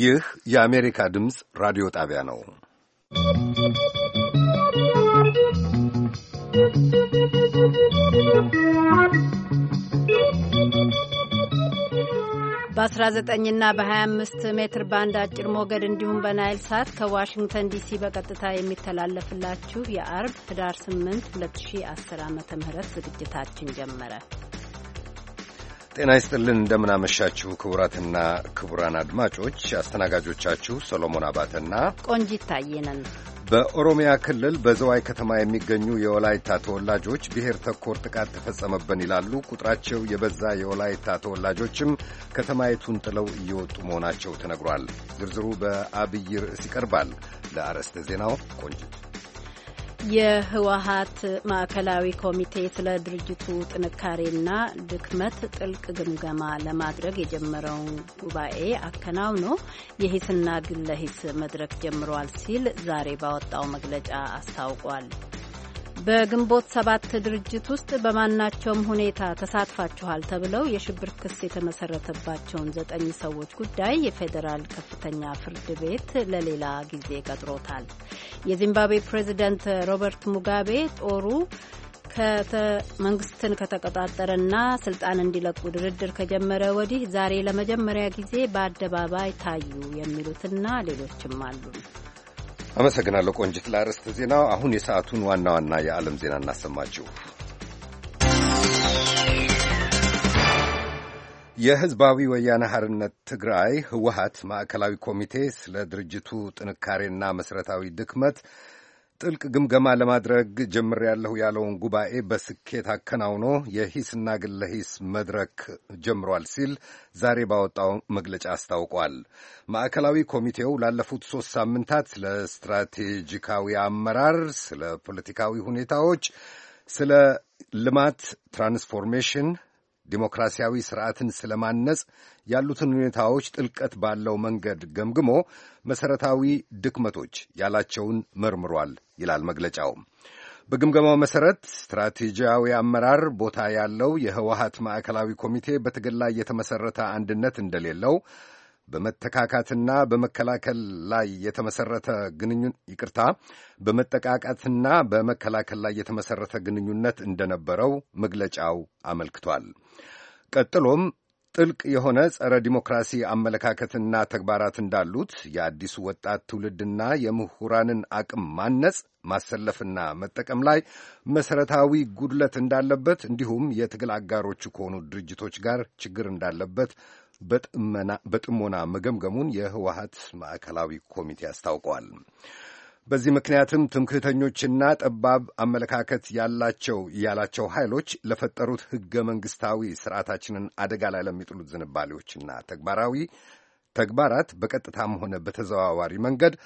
ይህ የአሜሪካ ድምፅ ራዲዮ ጣቢያ ነው። በ19 ና በ25 ሜትር ባንድ አጭር ሞገድ እንዲሁም በናይል ሳት ከዋሽንግተን ዲሲ በቀጥታ የሚተላለፍላችሁ የአርብ ህዳር 8 2010 ዓ ም ዝግጅታችን ጀመረ። ጤና ይስጥልን እንደምናመሻችሁ ክቡራትና ክቡራን አድማጮች አስተናጋጆቻችሁ ሰሎሞን አባተና ቆንጂት ታየነን። በኦሮሚያ ክልል በዘዋይ ከተማ የሚገኙ የወላይታ ተወላጆች ብሔር ተኮር ጥቃት ተፈጸመብን ይላሉ። ቁጥራቸው የበዛ የወላይታ ተወላጆችም ከተማይቱን ጥለው እየወጡ መሆናቸው ተነግሯል። ዝርዝሩ በአብይ ርዕስ ይቀርባል። ለአርዕስተ ዜናው ቆንጂት የህወሀት ማዕከላዊ ኮሚቴ ስለ ድርጅቱ ጥንካሬና ድክመት ጥልቅ ግምገማ ለማድረግ የጀመረውን ጉባኤ አከናውኖ የሂስና ግለሂስ መድረክ ጀምሯል ሲል ዛሬ ባወጣው መግለጫ አስታውቋል። በግንቦት ሰባት ድርጅት ውስጥ በማናቸውም ሁኔታ ተሳትፋችኋል ተብለው የሽብር ክስ የተመሰረተባቸውን ዘጠኝ ሰዎች ጉዳይ የፌዴራል ከፍተኛ ፍርድ ቤት ለሌላ ጊዜ ቀጥሮታል። የዚምባብዌ ፕሬዚደንት ሮበርት ሙጋቤ ጦሩ መንግስትን ከተቆጣጠረና ስልጣን እንዲለቁ ድርድር ከጀመረ ወዲህ ዛሬ ለመጀመሪያ ጊዜ በአደባባይ ታዩ የሚሉትና ሌሎችም አሉ። አመሰግናለሁ ቆንጅት። ለአርዕስተ ዜናው አሁን የሰዓቱን ዋና ዋና የዓለም ዜና እናሰማችሁ። የህዝባዊ ወያነ ሐርነት ትግራይ ህወሀት ማዕከላዊ ኮሚቴ ስለ ድርጅቱ ጥንካሬና መሠረታዊ ድክመት ጥልቅ ግምገማ ለማድረግ ጀምሬያለሁ ያለውን ጉባኤ በስኬት አከናውኖ የሂስና ግለ ሂስ መድረክ ጀምሯል ሲል ዛሬ ባወጣው መግለጫ አስታውቋል። ማዕከላዊ ኮሚቴው ላለፉት ሦስት ሳምንታት ስለ ስትራቴጂካዊ አመራር፣ ስለ ፖለቲካዊ ሁኔታዎች፣ ስለ ልማት ትራንስፎርሜሽን ዲሞክራሲያዊ ስርዓትን ስለማነጽ ያሉትን ሁኔታዎች ጥልቀት ባለው መንገድ ገምግሞ መሠረታዊ ድክመቶች ያላቸውን መርምሯል። ይላል መግለጫው። በግምገማው መሠረት ስትራቴጂያዊ አመራር ቦታ ያለው የህወሀት ማዕከላዊ ኮሚቴ በትግል ላይ የተመሠረተ አንድነት እንደሌለው በመተካካትና በመከላከል ላይ የተመሠረተ ግንኙነት ይቅርታ፣ በመጠቃቃትና በመከላከል ላይ የተመሠረተ ግንኙነት እንደነበረው መግለጫው አመልክቷል። ቀጥሎም ጥልቅ የሆነ ጸረ ዲሞክራሲ አመለካከትና ተግባራት እንዳሉት የአዲሱ ወጣት ትውልድና የምሁራንን አቅም ማነጽ ማሰለፍና መጠቀም ላይ መሰረታዊ ጉድለት እንዳለበት እንዲሁም የትግል አጋሮቹ ከሆኑ ድርጅቶች ጋር ችግር እንዳለበት በጥሞና መገምገሙን የህወሀት ማዕከላዊ ኮሚቴ አስታውቀዋል። በዚህ ምክንያትም ትምክህተኞችና ጠባብ አመለካከት ያላቸው ያላቸው ኃይሎች ለፈጠሩት ሕገ መንግሥታዊ ስርዓታችንን አደጋ ላይ ለሚጥሉት ዝንባሌዎችና ተግባራዊ ተግባራት በቀጥታም ሆነ በተዘዋዋሪ መንገድ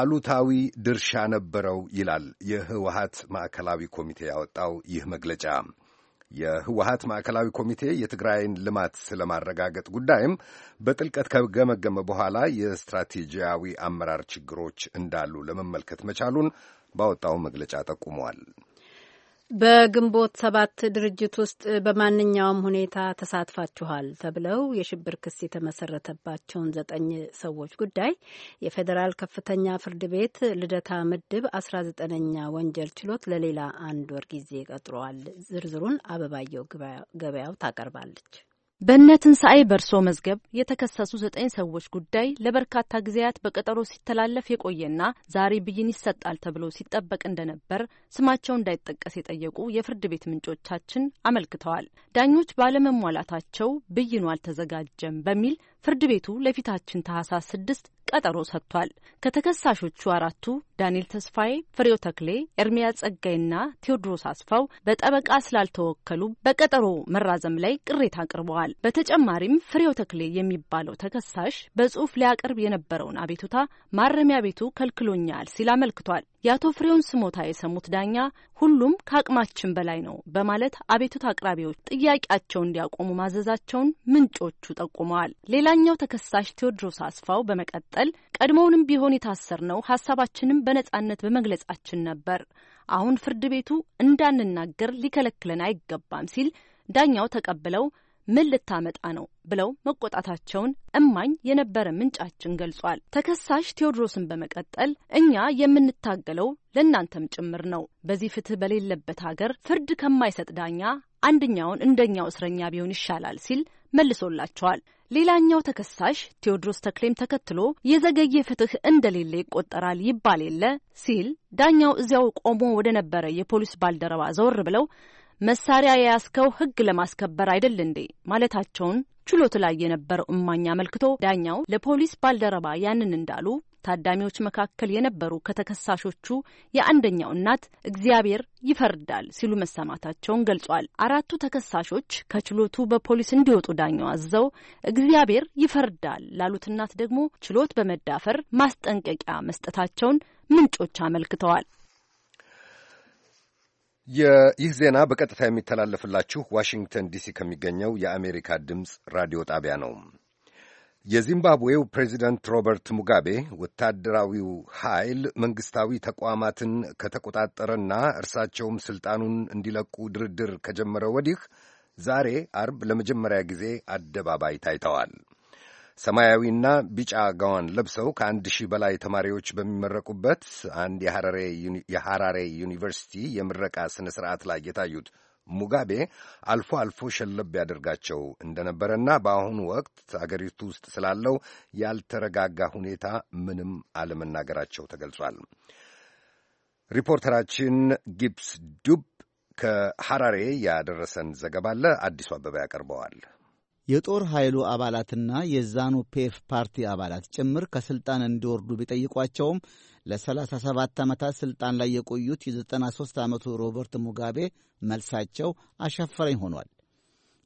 አሉታዊ ድርሻ ነበረው ይላል የህወሀት ማዕከላዊ ኮሚቴ ያወጣው ይህ መግለጫ። የህወሀት ማዕከላዊ ኮሚቴ የትግራይን ልማት ስለማረጋገጥ ጉዳይም በጥልቀት ከገመገመ በኋላ የስትራቴጂያዊ አመራር ችግሮች እንዳሉ ለመመልከት መቻሉን ባወጣው መግለጫ ጠቁመዋል። በግንቦት ሰባት ድርጅት ውስጥ በማንኛውም ሁኔታ ተሳትፋችኋል ተብለው የሽብር ክስ የተመሰረተባቸውን ዘጠኝ ሰዎች ጉዳይ የፌዴራል ከፍተኛ ፍርድ ቤት ልደታ ምድብ አስራ ዘጠነኛ ወንጀል ችሎት ለሌላ አንድ ወር ጊዜ ቀጥሯል። ዝርዝሩን አበባየው ገበያው ታቀርባለች። በእነ ትንሣኤ በርሶ መዝገብ የተከሰሱ ዘጠኝ ሰዎች ጉዳይ ለበርካታ ጊዜያት በቀጠሮ ሲተላለፍ የቆየና ዛሬ ብይን ይሰጣል ተብሎ ሲጠበቅ እንደነበር ስማቸው እንዳይጠቀስ የጠየቁ የፍርድ ቤት ምንጮቻችን አመልክተዋል። ዳኞች ባለመሟላታቸው ብይኑ አልተዘጋጀም በሚል ፍርድ ቤቱ ለፊታችን ታህሳስ ስድስት ቀጠሮ ሰጥቷል። ከተከሳሾቹ አራቱ ዳንኤል ተስፋዬ፣ ፍሬው ተክሌ፣ ኤርሚያ ጸጋይና ቴዎድሮስ አስፋው በጠበቃ ስላልተወከሉ በቀጠሮ መራዘም ላይ ቅሬታ አቅርበዋል። በተጨማሪም ፍሬው ተክሌ የሚባለው ተከሳሽ በጽሁፍ ሊያቀርብ የነበረውን አቤቱታ ማረሚያ ቤቱ ከልክሎኛል ሲል አመልክቷል። የአቶ ፍሬውን ስሞታ የሰሙት ዳኛ ሁሉም ከአቅማችን በላይ ነው በማለት አቤቱታ አቅራቢዎች ጥያቄያቸውን እንዲያቆሙ ማዘዛቸውን ምንጮቹ ጠቁመዋል። ሌላኛው ተከሳሽ ቴዎድሮስ አስፋው በመቀጠል ቀድሞውንም ቢሆን የታሰርነው ሀሳባችንም በነጻነት በመግለጻችን ነበር። አሁን ፍርድ ቤቱ እንዳንናገር ሊከለክለን አይገባም ሲል ዳኛው ተቀብለው ምን ልታመጣ ነው ብለው መቆጣታቸውን እማኝ የነበረ ምንጫችን ገልጿል። ተከሳሽ ቴዎድሮስን በመቀጠል እኛ የምንታገለው ለእናንተም ጭምር ነው። በዚህ ፍትህ በሌለበት ሀገር ፍርድ ከማይሰጥ ዳኛ አንደኛውን እንደኛው እስረኛ ቢሆን ይሻላል ሲል መልሶላቸዋል። ሌላኛው ተከሳሽ ቴዎድሮስ ተክሌም ተከትሎ የዘገየ ፍትህ እንደሌለ ይቆጠራል ይባል የለ ሲል ዳኛው እዚያው ቆሞ ወደ ነበረ የፖሊስ ባልደረባ ዘወር ብለው መሳሪያ የያዝከው ህግ ለማስከበር አይደል እንዴ ማለታቸውን ችሎት ላይ የነበረው እማኝ አመልክቶ ዳኛው ለፖሊስ ባልደረባ ያንን እንዳሉ ታዳሚዎች መካከል የነበሩ ከተከሳሾቹ የአንደኛው እናት እግዚአብሔር ይፈርዳል ሲሉ መሰማታቸውን ገልጿል። አራቱ ተከሳሾች ከችሎቱ በፖሊስ እንዲወጡ ዳኛው አዘው እግዚአብሔር ይፈርዳል ላሉት እናት ደግሞ ችሎት በመዳፈር ማስጠንቀቂያ መስጠታቸውን ምንጮች አመልክተዋል። ይህ ዜና በቀጥታ የሚተላለፍላችሁ ዋሽንግተን ዲሲ ከሚገኘው የአሜሪካ ድምፅ ራዲዮ ጣቢያ ነው። የዚምባብዌው ፕሬዚደንት ሮበርት ሙጋቤ ወታደራዊው ኃይል መንግሥታዊ ተቋማትን ከተቆጣጠረና እርሳቸውም ሥልጣኑን እንዲለቁ ድርድር ከጀመረ ወዲህ ዛሬ አርብ ለመጀመሪያ ጊዜ አደባባይ ታይተዋል። ሰማያዊና ቢጫ ጋዋን ለብሰው ከአንድ ሺህ በላይ ተማሪዎች በሚመረቁበት አንድ የሐራሬ ዩኒቨርሲቲ የምረቃ ሥነ ሥርዓት ላይ የታዩት ሙጋቤ አልፎ አልፎ ሸለብ ያደርጋቸው እንደነበረና በአሁኑ ወቅት አገሪቱ ውስጥ ስላለው ያልተረጋጋ ሁኔታ ምንም አለመናገራቸው ተገልጿል። ሪፖርተራችን ጊብስ ዱብ ከሐራሬ ያደረሰን ዘገባ አለ። አዲሱ አበባ ያቀርበዋል። የጦር ኃይሉ አባላትና የዛኑ ፔፍ ፓርቲ አባላት ጭምር ከሥልጣን እንዲወርዱ ቢጠይቋቸውም ለ37 ዓመታት ሥልጣን ላይ የቆዩት የ93 ዓመቱ ሮበርት ሙጋቤ መልሳቸው አሻፈረኝ ሆኗል።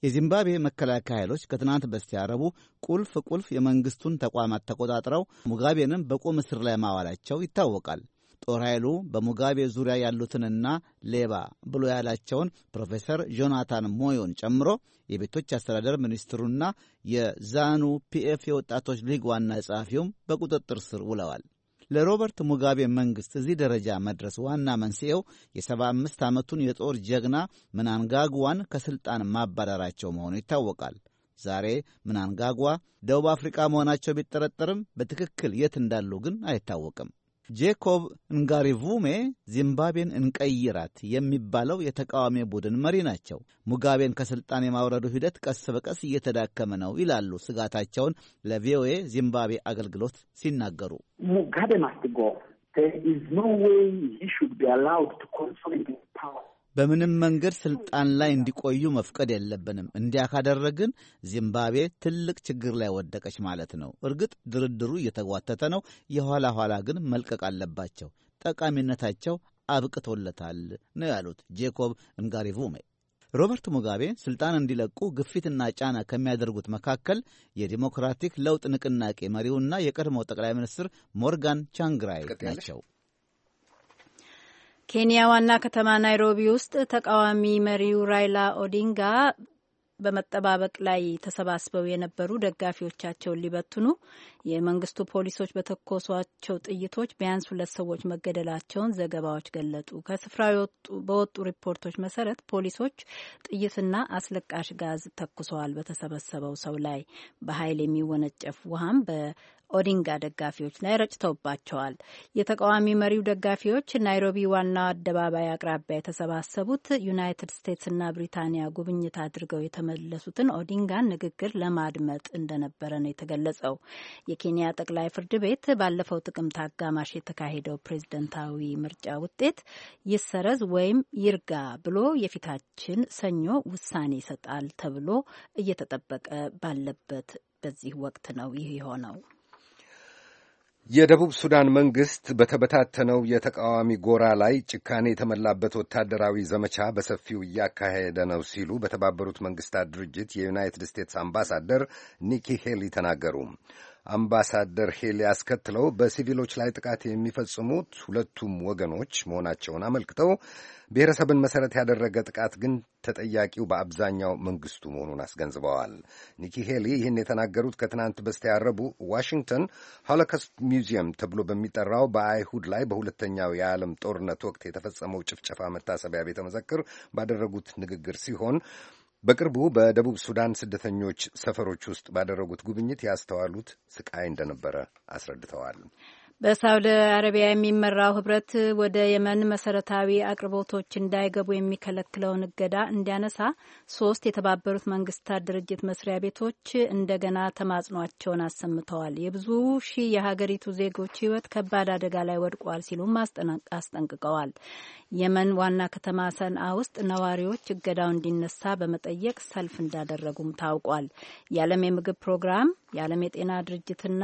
የዚምባብዌ መከላከያ ኃይሎች ከትናንት በስቲያ ረቡዕ ቁልፍ ቁልፍ የመንግሥቱን ተቋማት ተቆጣጥረው ሙጋቤንም በቁም እስር ላይ ማዋላቸው ይታወቃል። ጦር ኃይሉ በሙጋቤ ዙሪያ ያሉትንና ሌባ ብሎ ያላቸውን ፕሮፌሰር ጆናታን ሞዮን ጨምሮ የቤቶች አስተዳደር ሚኒስትሩና የዛኑ ፒኤፍ የወጣቶች ሊግ ዋና ጸሐፊውም በቁጥጥር ስር ውለዋል። ለሮበርት ሙጋቤ መንግሥት እዚህ ደረጃ መድረስ ዋና መንስኤው የ75 ዓመቱን የጦር ጀግና ምናንጋግዋን ከሥልጣን ማባረራቸው መሆኑ ይታወቃል። ዛሬ ምናንጋግዋ ደቡብ አፍሪካ መሆናቸው ቢጠረጠርም በትክክል የት እንዳሉ ግን አይታወቅም። ጄኮብ እንጋሪቩሜ ዚምባብዌን እንቀይራት የሚባለው የተቃዋሚ ቡድን መሪ ናቸው። ሙጋቤን ከሥልጣን የማውረዱ ሂደት ቀስ በቀስ እየተዳከመ ነው ይላሉ ስጋታቸውን ለቪኦኤ ዚምባብዌ አገልግሎት ሲናገሩ ሙጋቤ ማስት ጎ በምንም መንገድ ስልጣን ላይ እንዲቆዩ መፍቀድ የለብንም። እንዲያ ካደረግን ዚምባብዌ ትልቅ ችግር ላይ ወደቀች ማለት ነው። እርግጥ ድርድሩ እየተጓተተ ነው። የኋላ ኋላ ግን መልቀቅ አለባቸው። ጠቃሚነታቸው አብቅቶለታል ነው ያሉት ጄኮብ እንጋሪቩሜ። ሮበርት ሙጋቤ ስልጣን እንዲለቁ ግፊትና ጫና ከሚያደርጉት መካከል የዲሞክራቲክ ለውጥ ንቅናቄ መሪውና የቀድሞው ጠቅላይ ሚኒስትር ሞርጋን ቻንግራይ ናቸው። ኬንያ ዋና ከተማ ናይሮቢ ውስጥ ተቃዋሚ መሪው ራይላ ኦዲንጋ በመጠባበቅ ላይ ተሰባስበው የነበሩ ደጋፊዎቻቸውን ሊበትኑ የመንግስቱ ፖሊሶች በተኮሷቸው ጥይቶች ቢያንስ ሁለት ሰዎች መገደላቸውን ዘገባዎች ገለጡ። ከስፍራው በወጡ ሪፖርቶች መሰረት ፖሊሶች ጥይትና አስለቃሽ ጋዝ ተኩሰዋል። በተሰበሰበው ሰው ላይ በኃይል የሚወነጨፍ ውሃም ኦዲንጋ ደጋፊዎች ላይ ረጭተውባቸዋል። የተቃዋሚ መሪው ደጋፊዎች ናይሮቢ ዋናው አደባባይ አቅራቢያ የተሰባሰቡት ዩናይትድ ስቴትስና ብሪታንያ ጉብኝት አድርገው የተመለሱትን ኦዲንጋን ንግግር ለማድመጥ እንደነበረ ነው የተገለጸው። የኬንያ ጠቅላይ ፍርድ ቤት ባለፈው ጥቅምት አጋማሽ የተካሄደው ፕሬዝደንታዊ ምርጫ ውጤት ይሰረዝ ወይም ይርጋ ብሎ የፊታችን ሰኞ ውሳኔ ይሰጣል ተብሎ እየተጠበቀ ባለበት በዚህ ወቅት ነው ይህ የሆነው። የደቡብ ሱዳን መንግሥት በተበታተነው የተቃዋሚ ጎራ ላይ ጭካኔ የተሞላበት ወታደራዊ ዘመቻ በሰፊው እያካሄደ ነው ሲሉ በተባበሩት መንግሥታት ድርጅት የዩናይትድ ስቴትስ አምባሳደር ኒኪ ሄሊ ተናገሩ። አምባሳደር ሄሊ አስከትለው በሲቪሎች ላይ ጥቃት የሚፈጽሙት ሁለቱም ወገኖች መሆናቸውን አመልክተው ብሔረሰብን መሠረት ያደረገ ጥቃት ግን ተጠያቂው በአብዛኛው መንግስቱ መሆኑን አስገንዝበዋል። ኒኪ ሄሊ ይህን የተናገሩት ከትናንት በስቲያ ረቡዕ ዋሽንግተን ሆሎኮስት ሚውዚየም ተብሎ በሚጠራው በአይሁድ ላይ በሁለተኛው የዓለም ጦርነት ወቅት የተፈጸመው ጭፍጨፋ መታሰቢያ ቤተ መዘክር ባደረጉት ንግግር ሲሆን በቅርቡ በደቡብ ሱዳን ስደተኞች ሰፈሮች ውስጥ ባደረጉት ጉብኝት ያስተዋሉት ስቃይ እንደነበረ አስረድተዋል። በሳውዲ አረቢያ የሚመራው ህብረት ወደ የመን መሰረታዊ አቅርቦቶች እንዳይገቡ የሚከለክለውን እገዳ እንዲያነሳ ሶስት የተባበሩት መንግስታት ድርጅት መስሪያ ቤቶች እንደገና ተማጽኗቸውን አሰምተዋል። የብዙ ሺህ የሀገሪቱ ዜጎች ህይወት ከባድ አደጋ ላይ ወድቋል ሲሉም አስጠንቅቀዋል። የመን ዋና ከተማ ሰንአ ውስጥ ነዋሪዎች እገዳው እንዲነሳ በመጠየቅ ሰልፍ እንዳደረጉም ታውቋል። የዓለም የምግብ ፕሮግራም፣ የዓለም የጤና ድርጅትና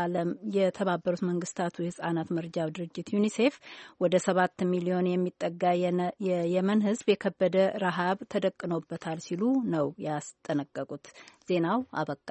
ዓለም የተባበሩት መንግስታቱ የህጻናት መርጃ ድርጅት ዩኒሴፍ ወደ ሰባት ሚሊዮን የሚጠጋ የየመን ህዝብ የከበደ ረሃብ ተደቅኖበታል ሲሉ ነው ያስጠነቀቁት። ዜናው አበቃ።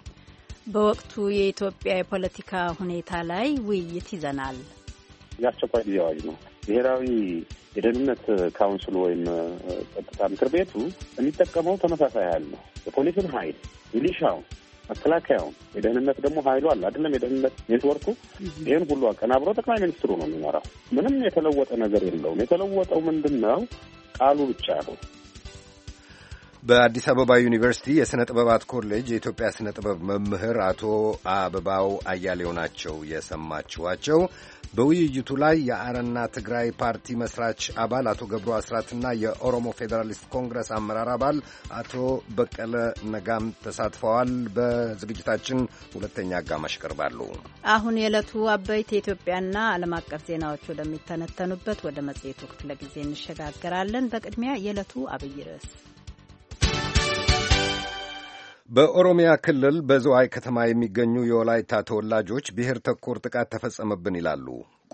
በወቅቱ የኢትዮጵያ የፖለቲካ ሁኔታ ላይ ውይይት ይዘናል። የአስቸኳይ ጊዜ አዋጅ ነው። ብሔራዊ የደህንነት ካውንስሉ ወይም ጸጥታ ምክር ቤቱ የሚጠቀመው ተመሳሳይ ኃይል ነው። የፖሊስን ኃይል፣ ሚሊሻውን፣ መከላከያውን፣ የደህንነት ደግሞ ኃይሉ አለ አይደለም? የደህንነት ኔትወርኩ ይህን ሁሉ አቀናብሮ ጠቅላይ ሚኒስትሩ ነው የሚመራው። ምንም የተለወጠ ነገር የለውም። የተለወጠው ምንድን ነው? ቃሉ ብቻ ነው። በአዲስ አበባ ዩኒቨርሲቲ የሥነ ጥበባት ኮሌጅ የኢትዮጵያ ሥነ ጥበብ መምህር አቶ አበባው አያሌው ናቸው የሰማችኋቸው። በውይይቱ ላይ የአረና ትግራይ ፓርቲ መስራች አባል አቶ ገብሩ አስራትና የኦሮሞ ፌዴራሊስት ኮንግረስ አመራር አባል አቶ በቀለ ነጋም ተሳትፈዋል። በዝግጅታችን ሁለተኛ አጋማሽ ይቀርባሉ። አሁን የዕለቱ አበይት የኢትዮጵያና ዓለም አቀፍ ዜናዎች ወደሚተነተኑበት ወደ መጽሔቱ ክፍለ ጊዜ እንሸጋገራለን። በቅድሚያ የዕለቱ አብይ ርዕስ በኦሮሚያ ክልል በዝዋይ ከተማ የሚገኙ የወላይታ ተወላጆች ብሔር ተኮር ጥቃት ተፈጸመብን ይላሉ።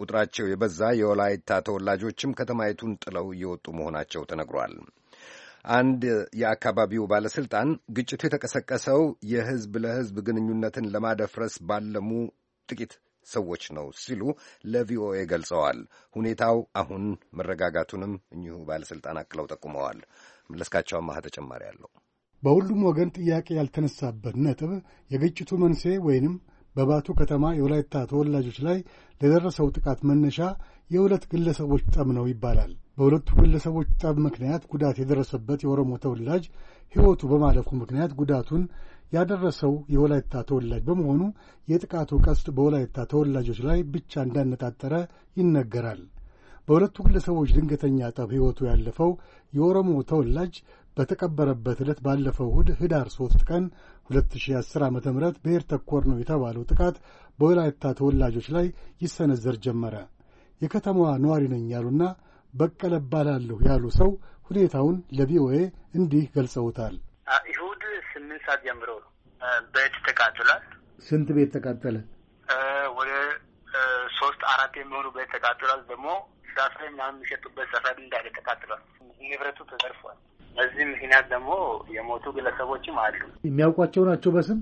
ቁጥራቸው የበዛ የወላይታ ተወላጆችም ከተማይቱን ጥለው እየወጡ መሆናቸው ተነግሯል። አንድ የአካባቢው ባለሥልጣን ግጭቱ የተቀሰቀሰው የሕዝብ ለሕዝብ ግንኙነትን ለማደፍረስ ባለሙ ጥቂት ሰዎች ነው ሲሉ ለቪኦኤ ገልጸዋል። ሁኔታው አሁን መረጋጋቱንም እኚሁ ባለሥልጣን አክለው ጠቁመዋል። መለስካቸው አማሃ ተጨማሪ አለው። በሁሉም ወገን ጥያቄ ያልተነሳበት ነጥብ የግጭቱ መንስኤ ወይንም በባቱ ከተማ የወላይታ ተወላጆች ላይ ለደረሰው ጥቃት መነሻ የሁለት ግለሰቦች ጠብ ነው ይባላል። በሁለቱ ግለሰቦች ጠብ ምክንያት ጉዳት የደረሰበት የኦሮሞ ተወላጅ ሕይወቱ በማለፉ ምክንያት ጉዳቱን ያደረሰው የወላይታ ተወላጅ በመሆኑ የጥቃቱ ቀስት በወላይታ ተወላጆች ላይ ብቻ እንዳነጣጠረ ይነገራል። በሁለቱ ግለሰቦች ድንገተኛ ጠብ ሕይወቱ ያለፈው የኦሮሞ ተወላጅ በተቀበረበት ዕለት ባለፈው እሁድ ህዳር 3 ቀን 2010 ዓ ም ብሔር ተኮር ነው የተባለው ጥቃት በወላይታ ተወላጆች ላይ ይሰነዘር ጀመረ። የከተማዋ ነዋሪ ነኝ ያሉና በቀለ እባላለሁ ያሉ ሰው ሁኔታውን ለቪኦኤ እንዲህ ገልጸውታል። ይሁድ ስምንት ሰዓት ጀምሮ ነው ቤት ተቃጥሏል። ስንት ቤት ተቃጠለ? ወደ ሶስት አራት የሚሆኑ ቤት ተቃጥሏል። ደግሞ ስራ ምናምን የሚሸጡበት ሰፈር እንዳለ ተቃጥሏል። ንብረቱ ተዘርፏል። በዚህ ምክንያት ደግሞ የሞቱ ግለሰቦችም አሉ። የሚያውቋቸው ናቸው በስም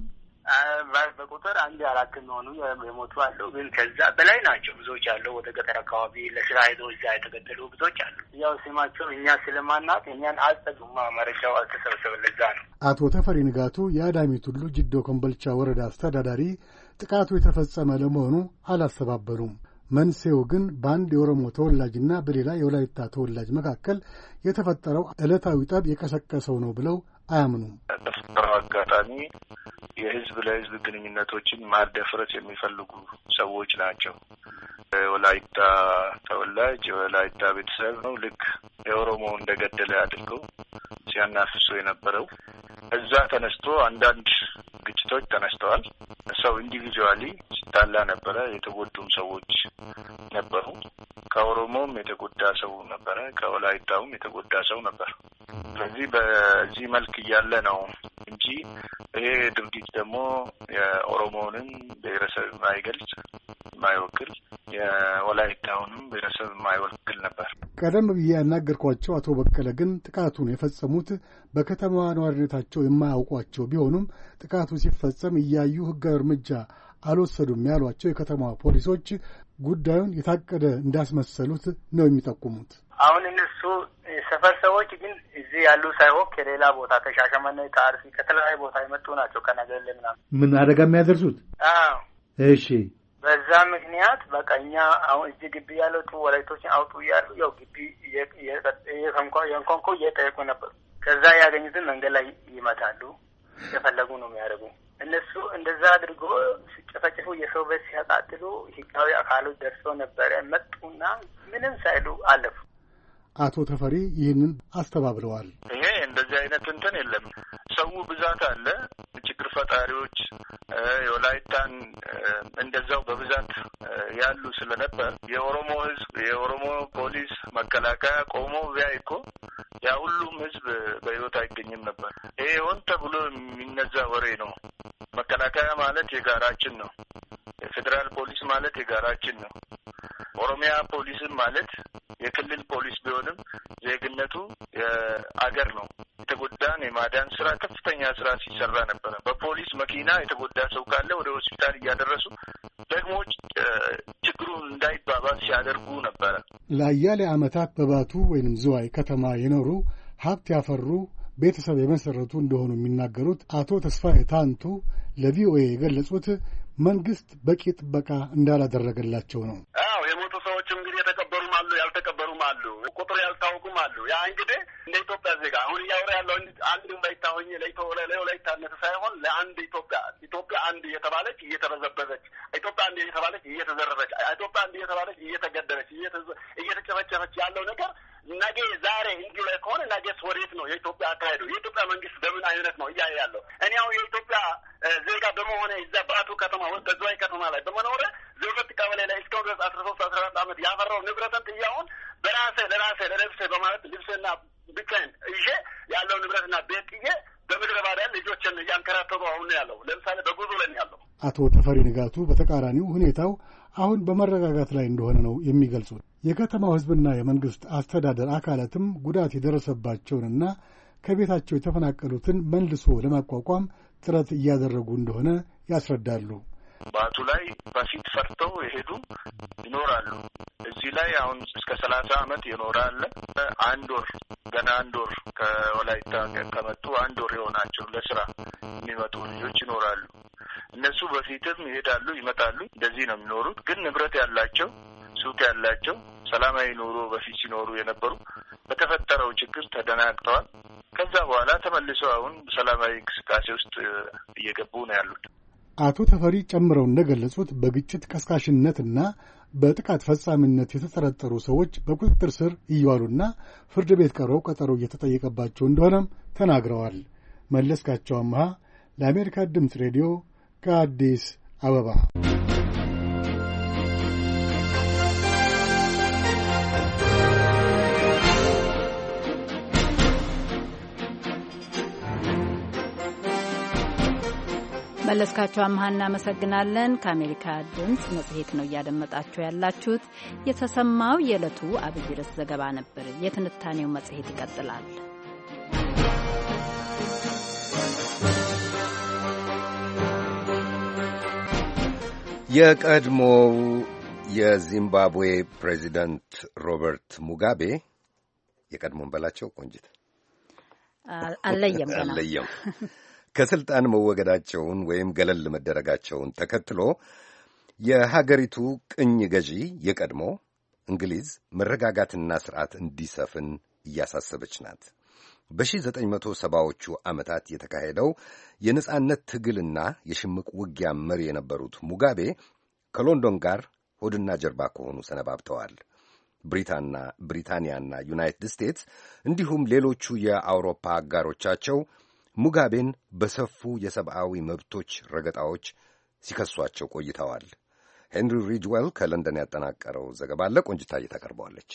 በቁጥር አንድ አራት የሚሆኑ የሞቱ አሉ። ግን ከዛ በላይ ናቸው ብዙዎች አሉ። ወደ ገጠር አካባቢ ለስራ ሄዶ እዛ የተገደሉ ብዙዎች አሉ። ያው ስማቸው እኛ ስለማናቅ እኛን አልጠጉማ መረጃው አልተሰበሰበ። ለዛ ነው አቶ ተፈሪ ንጋቱ የአዳሚ ቱሉ ጅዶ ኮምበልቻ ወረዳ አስተዳዳሪ ጥቃቱ የተፈጸመ ለመሆኑ አላሰባበሉም። መንሴው ግን በአንድ የኦሮሞ ተወላጅና በሌላ የወላይታ ተወላጅ መካከል የተፈጠረው ዕለታዊ ጠብ የቀሰቀሰው ነው ብለው አያምኑም። በፈጠረው አጋጣሚ የህዝብ ለህዝብ ግንኙነቶችን ማደፍረስ የሚፈልጉ ሰዎች ናቸው። የወላይታ ተወላጅ የወላይታ ቤተሰብ ነው። ልክ የኦሮሞ እንደገደለ አድርገው ሲያናፍሱ የነበረው እዛ ተነስቶ አንዳንድ ግጭቶች ተነስተዋል። ሰው ኢንዲቪዥዋሊ ሲታላ ነበረ። የተጎዱም ሰዎች ነበሩ። ከኦሮሞም የተጎዳ ሰው ነበረ። ከወላይታውም የተጎዳ ሰው ነበር። ስለዚህ በዚህ መልክ ታሪክ እያለ ነው እንጂ ይሄ ድርጊት ደግሞ የኦሮሞውንም ብሔረሰብ የማይገልጽ የማይወክል የወላይታውንም ብሔረሰብ የማይወክል ነበር። ቀደም ብዬ ያናገርኳቸው አቶ በቀለ ግን ጥቃቱን የፈጸሙት በከተማዋ ነዋሪነታቸው የማያውቋቸው ቢሆኑም ጥቃቱ ሲፈጸም እያዩ ሕጋዊ እርምጃ አልወሰዱም ያሏቸው የከተማዋ ፖሊሶች ጉዳዩን የታቀደ እንዳስመሰሉት ነው የሚጠቁሙት። አሁን እነሱ ሰፈር ሰዎች ግን እዚህ ያሉ ሳይሆን ከሌላ ቦታ ከሻሸመኔ፣ ከአርሲ ከተለያዩ ቦታ የመጡ ናቸው። ከነገር ምናምን ምን አደጋ የሚያደርሱት እሺ በዛ ምክንያት በቃ እኛ አሁን እዚህ ግቢ ያለቱ ወላይቶችን አውጡ እያሉ ያው ግቢ የንኮንኮ እየጠየቁ ነበር። ከዛ ያገኙትን መንገድ ላይ ይመታሉ። የፈለጉ ነው የሚያደርጉ። እነሱ እንደዛ አድርጎ ሲጨፈጭፉ የሰው ቤት ሲያቃጥሉ ህጋዊ አካሉ ደርሶ ነበረ መጡና ምንም ሳይሉ አለፉ። አቶ ተፈሪ ይህንን አስተባብለዋል። ይሄ እንደዚህ አይነት እንትን የለም። ሰው ብዛት አለ። ችግር ፈጣሪዎች የወላይታን እንደዛው በብዛት ያሉ ስለነበር የኦሮሞ ህዝብ የኦሮሞ ፖሊስ፣ መከላከያ ቆሞ ቢያይ እኮ ያ ሁሉም ህዝብ በህይወት አይገኝም ነበር። ይሄ ሆን ተብሎ የሚነዛ ወሬ ነው። መከላከያ ማለት የጋራችን ነው። የፌዴራል ፖሊስ ማለት የጋራችን ነው። ኦሮሚያ ፖሊስም ማለት የክልል ፖሊስ ቢሆንም ዜግነቱ የአገር ነው። የተጎዳን የማዳን ስራ ከፍተኛ ስራ ሲሰራ ነበረ። በፖሊስ መኪና የተጎዳ ሰው ካለ ወደ ሆስፒታል እያደረሱ ደግሞ ችግሩን እንዳይባባስ ሲያደርጉ ነበረ። ለአያሌ ዓመታት በባቱ ወይንም ዝዋይ ከተማ የኖሩ ሀብት ያፈሩ ቤተሰብ የመሰረቱ እንደሆኑ የሚናገሩት አቶ ተስፋዬ ታንቱ ለቪኦኤ የገለጹት መንግስት በቂ ጥበቃ እንዳላደረገላቸው ነው። አዎ የሞቱ ሰዎች እንግዲህ የተቀበሩም አሉ፣ ያልተቀበሩም አሉ፣ ቁጥሩ ያልታወቁም አሉ። ያ እንግዲህ እንደ ኢትዮጵያ ዜጋ አሁን እያወራ ያለው አንድ ወላይታ ሆኜ ለወላይታነት ሳይሆን ለአንድ ኢትዮጵያ ኢትዮጵያ አንድ እየተባለች እየተበዘበዘች፣ ኢትዮጵያ አንድ እየተባለች እየተዘረፈች፣ ኢትዮጵያ አንድ እየተባለች እየተገደለች፣ እየተጨፈጨፈች ያለው ነገር ነገ ዛሬ እንዲህ ላይ ከሆነ ነገስ ወዴት ነው የኢትዮጵያ አካሄዱ? የኢትዮጵያ መንግስት በምን አይነት ነው እያየ ያለው? እኔ አሁን የኢትዮጵያ ዜጋ በመሆነ እዛ በአቶ ከተማ ወ በዝዋይ ከተማ ላይ በመኖረ ዘውበት ቀበሌ ላይ እስካሁን ድረስ አስራ ሶስት አስራ አራት አመት ያፈራው ንብረትን ጥያውን በራሴ ለራሴ ለለብሴ በማለት ልብሴና ብቻዬን ይዤ ያለው ንብረትና ቤት ጥዬ በምድረ ባዳ ልጆችን እያንከራተቱ አሁን ያለው ለምሳሌ በጉዞ ለን ያለው አቶ ተፈሪ ንጋቱ በተቃራኒው ሁኔታው አሁን በመረጋጋት ላይ እንደሆነ ነው የሚገልጹት። የከተማው ሕዝብና የመንግሥት አስተዳደር አካላትም ጉዳት የደረሰባቸውንና ከቤታቸው የተፈናቀሉትን መልሶ ለማቋቋም ጥረት እያደረጉ እንደሆነ ያስረዳሉ። ባቱ ላይ በፊት ፈርተው የሄዱ ይኖራሉ። እዚህ ላይ አሁን እስከ ሰላሳ አመት የኖረ አንድ ወር ገና አንድ ወር ከወላይታ ከመጡ አንድ ወር የሆናቸው ለስራ የሚመጡ ልጆች ይኖራሉ። እነሱ በፊትም ይሄዳሉ፣ ይመጣሉ። እንደዚህ ነው የሚኖሩት። ግን ንብረት ያላቸው ሱቅ ያላቸው ሰላማዊ ኑሮ በፊት ሲኖሩ የነበሩ በተፈጠረው ችግር ተደናግጠዋል። ከዛ በኋላ ተመልሰው አሁን ሰላማዊ እንቅስቃሴ ውስጥ እየገቡ ነው ያሉት አቶ ተፈሪ ጨምረው እንደገለጹት በግጭት ቀስቃሽነትና በጥቃት ፈጻሚነት የተጠረጠሩ ሰዎች በቁጥጥር ስር እየዋሉና ፍርድ ቤት ቀርበው ቀጠሮ እየተጠየቀባቸው እንደሆነም ተናግረዋል። መለስካቸው አምሃ ለአሜሪካ ድምፅ ሬዲዮ ከአዲስ አበባ መለስካቸው አምሃ እናመሰግናለን። ከአሜሪካ ድምፅ መጽሔት ነው እያደመጣችሁ ያላችሁት። የተሰማው የዕለቱ አብይ ርዕስ ዘገባ ነበር። የትንታኔው መጽሔት ይቀጥላል። የቀድሞው የዚምባብዌ ፕሬዚደንት ሮበርት ሙጋቤ የቀድሞን በላቸው ቆንጅት አለየም አለየም ከስልጣን መወገዳቸውን ወይም ገለል መደረጋቸውን ተከትሎ የሀገሪቱ ቅኝ ገዢ የቀድሞ እንግሊዝ መረጋጋትና ስርዓት እንዲሰፍን እያሳሰበች ናት። በ1970ዎቹ ዓመታት የተካሄደው የነጻነት ትግልና የሽምቅ ውጊያ መሪ የነበሩት ሙጋቤ ከሎንዶን ጋር ሆድና ጀርባ ከሆኑ ሰነባብተዋል። ብሪታንያና ዩናይትድ ስቴትስ እንዲሁም ሌሎቹ የአውሮፓ አጋሮቻቸው ሙጋቤን በሰፉ የሰብአዊ መብቶች ረገጣዎች ሲከሷቸው ቆይተዋል። ሄንሪ ሪጅዌል ከለንደን ያጠናቀረው ዘገባ አለ። ቆንጅታዬ ታቀርበዋለች።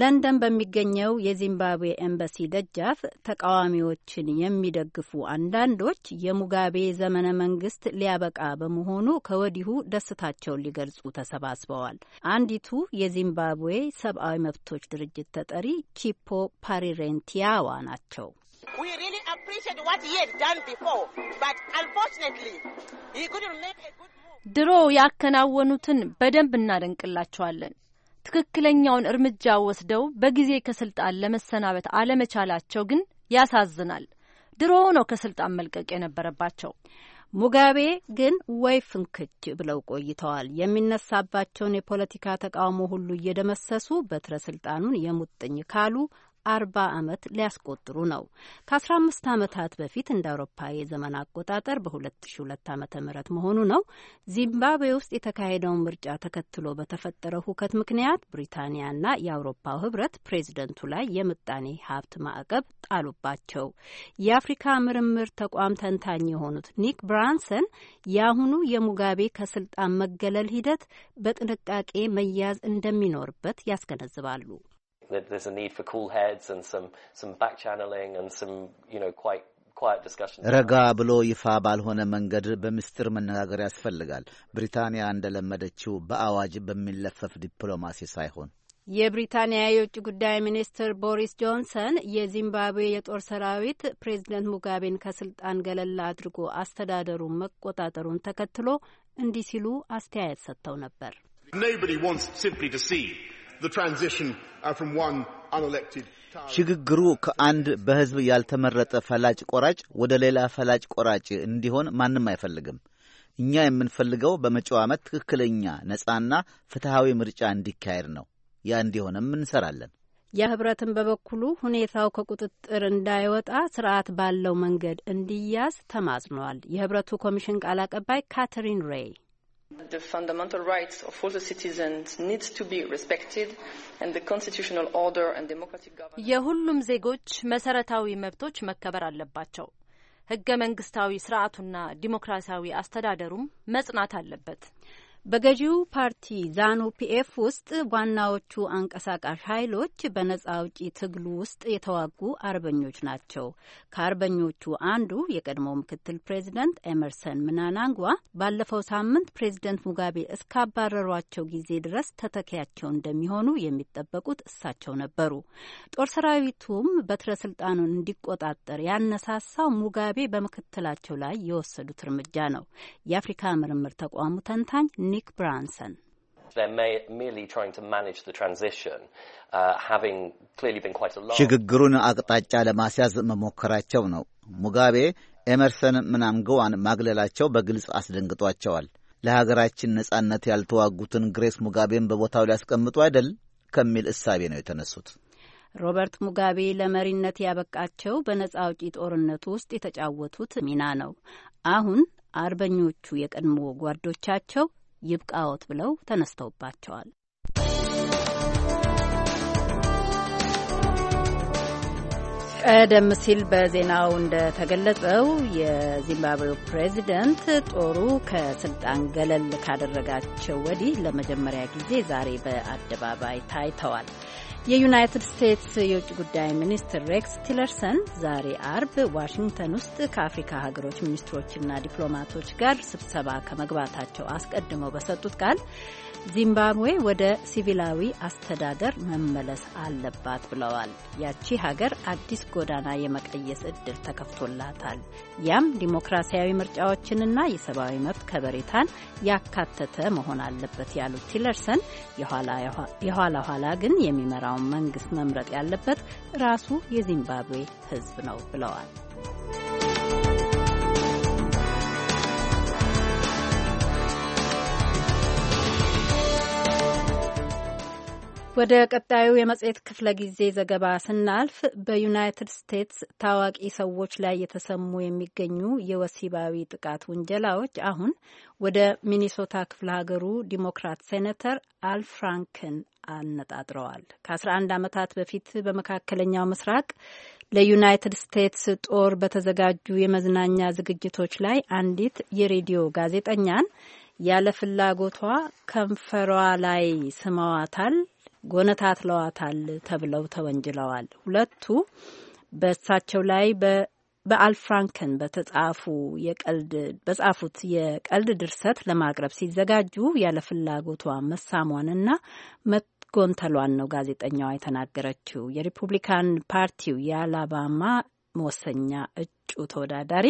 ለንደን በሚገኘው የዚምባብዌ ኤምባሲ ደጃፍ ተቃዋሚዎችን የሚደግፉ አንዳንዶች የሙጋቤ ዘመነ መንግስት ሊያበቃ በመሆኑ ከወዲሁ ደስታቸውን ሊገልጹ ተሰባስበዋል። አንዲቱ የዚምባብዌ ሰብአዊ መብቶች ድርጅት ተጠሪ ቺፖ ፓሪሬንቲያዋ ናቸው። ድሮ ያከናወኑትን በደንብ እናደንቅላቸዋለን። ትክክለኛውን እርምጃ ወስደው በጊዜ ከስልጣን ለመሰናበት አለመቻላቸው ግን ያሳዝናል። ድሮ ነው ከስልጣን መልቀቅ የነበረባቸው። ሙጋቤ ግን ወይ ፍንክች ብለው ቆይተዋል። የሚነሳባቸውን የፖለቲካ ተቃውሞ ሁሉ እየደመሰሱ በትረ ስልጣኑን የሙጥኝ ካሉ አርባ ዓመት ሊያስቆጥሩ ነው። ከ ከ15 ዓመታት በፊት እንደ አውሮፓ የዘመን አቆጣጠር በ202 ዓ ም መሆኑ ነው። ዚምባብዌ ውስጥ የተካሄደውን ምርጫ ተከትሎ በተፈጠረው ሁከት ምክንያት ብሪታንያና የአውሮፓው ህብረት ፕሬዝደንቱ ላይ የምጣኔ ሀብት ማዕቀብ ጣሉባቸው። የአፍሪካ ምርምር ተቋም ተንታኝ የሆኑት ኒክ ብራንሰን የአሁኑ የሙጋቤ ከስልጣን መገለል ሂደት በጥንቃቄ መያዝ እንደሚኖርበት ያስገነዝባሉ። there's a need for cool heads and some, some back channeling and some, you know, quite ረጋ ብሎ ይፋ ባልሆነ መንገድ በምስጢር መነጋገር ያስፈልጋል። ብሪታንያ እንደለመደችው በአዋጅ በሚለፈፍ ዲፕሎማሲ ሳይሆን የብሪታንያ የውጭ ጉዳይ ሚኒስትር ቦሪስ ጆንሰን የዚምባብዌ የጦር ሰራዊት ፕሬዝደንት ሙጋቤን ከስልጣን ገለል አድርጎ አስተዳደሩን መቆጣጠሩን ተከትሎ እንዲህ ሲሉ አስተያየት ሰጥተው ነበር። Uh, ሽግግሩ ከአንድ በሕዝብ ያልተመረጠ ፈላጭ ቆራጭ ወደ ሌላ ፈላጭ ቆራጭ እንዲሆን ማንም አይፈልግም። እኛ የምንፈልገው በመጪው ዓመት ትክክለኛ ነጻና ፍትሐዊ ምርጫ እንዲካሄድ ነው። ያ እንዲሆንም እንሰራለን። የህብረትን በበኩሉ ሁኔታው ከቁጥጥር እንዳይወጣ ስርዓት ባለው መንገድ እንዲያዝ ተማጽኗል። የህብረቱ ኮሚሽን ቃል አቀባይ ካተሪን ሬይ The fundamental rights of all the citizens needs to be respected and the constitutional order and democratic governance የሁሉም ዜጎች መሰረታዊ መብቶች መከበር አለባቸው። ህገ መንግስታዊ ስርዓቱና ዲሞክራሲያዊ አስተዳደሩም መጽናት አለበት። በገዢው ፓርቲ ዛኑ ፒኤፍ ውስጥ ዋናዎቹ አንቀሳቃሽ ኃይሎች በነጻ አውጪ ትግሉ ውስጥ የተዋጉ አርበኞች ናቸው። ከአርበኞቹ አንዱ የቀድሞ ምክትል ፕሬዚደንት ኤመርሰን ምናናንጓ ባለፈው ሳምንት ፕሬዚደንት ሙጋቤ እስካባረሯቸው ጊዜ ድረስ ተተኪያቸው እንደሚሆኑ የሚጠበቁት እሳቸው ነበሩ። ጦር ሰራዊቱም በትረ ስልጣኑን እንዲቆጣጠር ያነሳሳው ሙጋቤ በምክትላቸው ላይ የወሰዱት እርምጃ ነው። የአፍሪካ ምርምር ተቋሙ ተንታኝ ኒክ ብራንሰን uh, ሽግግሩን አቅጣጫ ለማስያዝ መሞከራቸው ነው። ሙጋቤ ኤመርሰን ምናንግዋን ማግለላቸው በግልጽ አስደንግጧቸዋል። ለሀገራችን ነጻነት ያልተዋጉትን ግሬስ ሙጋቤን በቦታው ሊያስቀምጡ አይደል ከሚል እሳቤ ነው የተነሱት። ሮበርት ሙጋቤ ለመሪነት ያበቃቸው በነጻ አውጪ ጦርነቱ ውስጥ የተጫወቱት ሚና ነው። አሁን አርበኞቹ የቀድሞ ጓዶቻቸው ይብቃዎት ብለው ተነስተውባቸዋል። ቀደም ሲል በዜናው እንደተገለጸው የዚምባብዌው ፕሬዚደንት ጦሩ ከስልጣን ገለል ካደረጋቸው ወዲህ ለመጀመሪያ ጊዜ ዛሬ በአደባባይ ታይተዋል። የዩናይትድ ስቴትስ የውጭ ጉዳይ ሚኒስትር ሬክስ ቲለርሰን ዛሬ አርብ ዋሽንግተን ውስጥ ከአፍሪካ ሀገሮች ሚኒስትሮችና ዲፕሎማቶች ጋር ስብሰባ ከመግባታቸው አስቀድመው በሰጡት ቃል ዚምባብዌ ወደ ሲቪላዊ አስተዳደር መመለስ አለባት ብለዋል። ያቺ ሀገር አዲስ ጎዳና የመቀየስ እድል ተከፍቶላታል። ያም ዲሞክራሲያዊ ምርጫዎችንና የሰብአዊ መብት ከበሬታን ያካተተ መሆን አለበት ያሉት ቲለርሰን የኋላ ኋላ ግን የሚመራውን መንግስት መምረጥ ያለበት ራሱ የዚምባብዌ ሕዝብ ነው ብለዋል። ወደ ቀጣዩ የመጽሔት ክፍለ ጊዜ ዘገባ ስናልፍ በዩናይትድ ስቴትስ ታዋቂ ሰዎች ላይ የተሰሙ የሚገኙ የወሲባዊ ጥቃት ውንጀላዎች አሁን ወደ ሚኒሶታ ክፍለ ሀገሩ ዲሞክራት ሴኔተር አል ፍራንክን አነጣጥረዋል። ከ11 ዓመታት በፊት በመካከለኛው ምስራቅ ለዩናይትድ ስቴትስ ጦር በተዘጋጁ የመዝናኛ ዝግጅቶች ላይ አንዲት የሬዲዮ ጋዜጠኛን ያለ ፍላጎቷ ከንፈሯ ላይ ስመዋታል። ጎነታትለዋታል ተብለው ተወንጅለዋል። ሁለቱ በእሳቸው ላይ በአልፍራንከን በተጻፉ የቀልድ በጻፉት የቀልድ ድርሰት ለማቅረብ ሲዘጋጁ ያለ ፍላጎቷ መሳሟንና መጎንተሏን ነው ጋዜጠኛዋ የተናገረችው። የሪፑብሊካን ፓርቲው የአላባማ መወሰኛ እጩ ተወዳዳሪ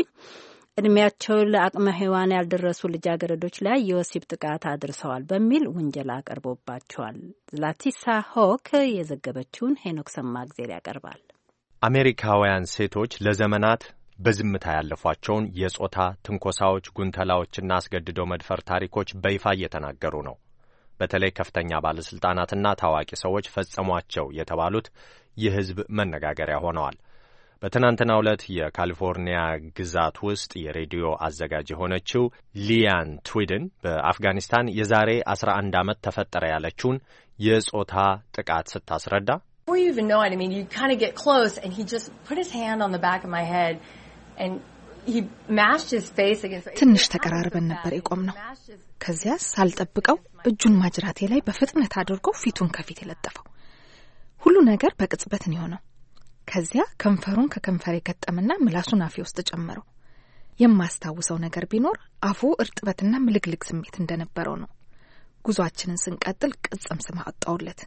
እድሜያቸው ለአቅመ ሔዋን ያልደረሱ ልጃገረዶች ላይ የወሲብ ጥቃት አድርሰዋል በሚል ውንጀላ አቀርቦባቸዋል። ዝላቲሳ ሆክ የዘገበችውን ሄኖክ ሰማእግዜር ያቀርባል። አሜሪካውያን ሴቶች ለዘመናት በዝምታ ያለፏቸውን የጾታ ትንኮሳዎች፣ ጉንተላዎችና አስገድደው መድፈር ታሪኮች በይፋ እየተናገሩ ነው። በተለይ ከፍተኛ ባለሥልጣናትና ታዋቂ ሰዎች ፈጸሟቸው የተባሉት የሕዝብ መነጋገሪያ ሆነዋል። በትናንትናው ዕለት የካሊፎርኒያ ግዛት ውስጥ የሬዲዮ አዘጋጅ የሆነችው ሊያን ትዊድን በአፍጋኒስታን የዛሬ 11 ዓመት ተፈጠረ ያለችውን የጾታ ጥቃት ስታስረዳ ትንሽ ተቀራርበን ነበር የቆም ነው። ከዚያ ሳልጠብቀው እጁን ማጅራቴ ላይ በፍጥነት አድርጎ ፊቱን ከፊት የለጠፈው። ሁሉ ነገር በቅጽበትን የሆነው ከዚያ ከንፈሩን ከከንፈሬ ገጠምና ምላሱን አፌ ውስጥ ጨመረው። የማስታውሰው ነገር ቢኖር አፉ እርጥበትና ምልግልግ ስሜት እንደነበረው ነው። ጉዟችንን ስንቀጥል ቅጽም ስም አወጣውለት።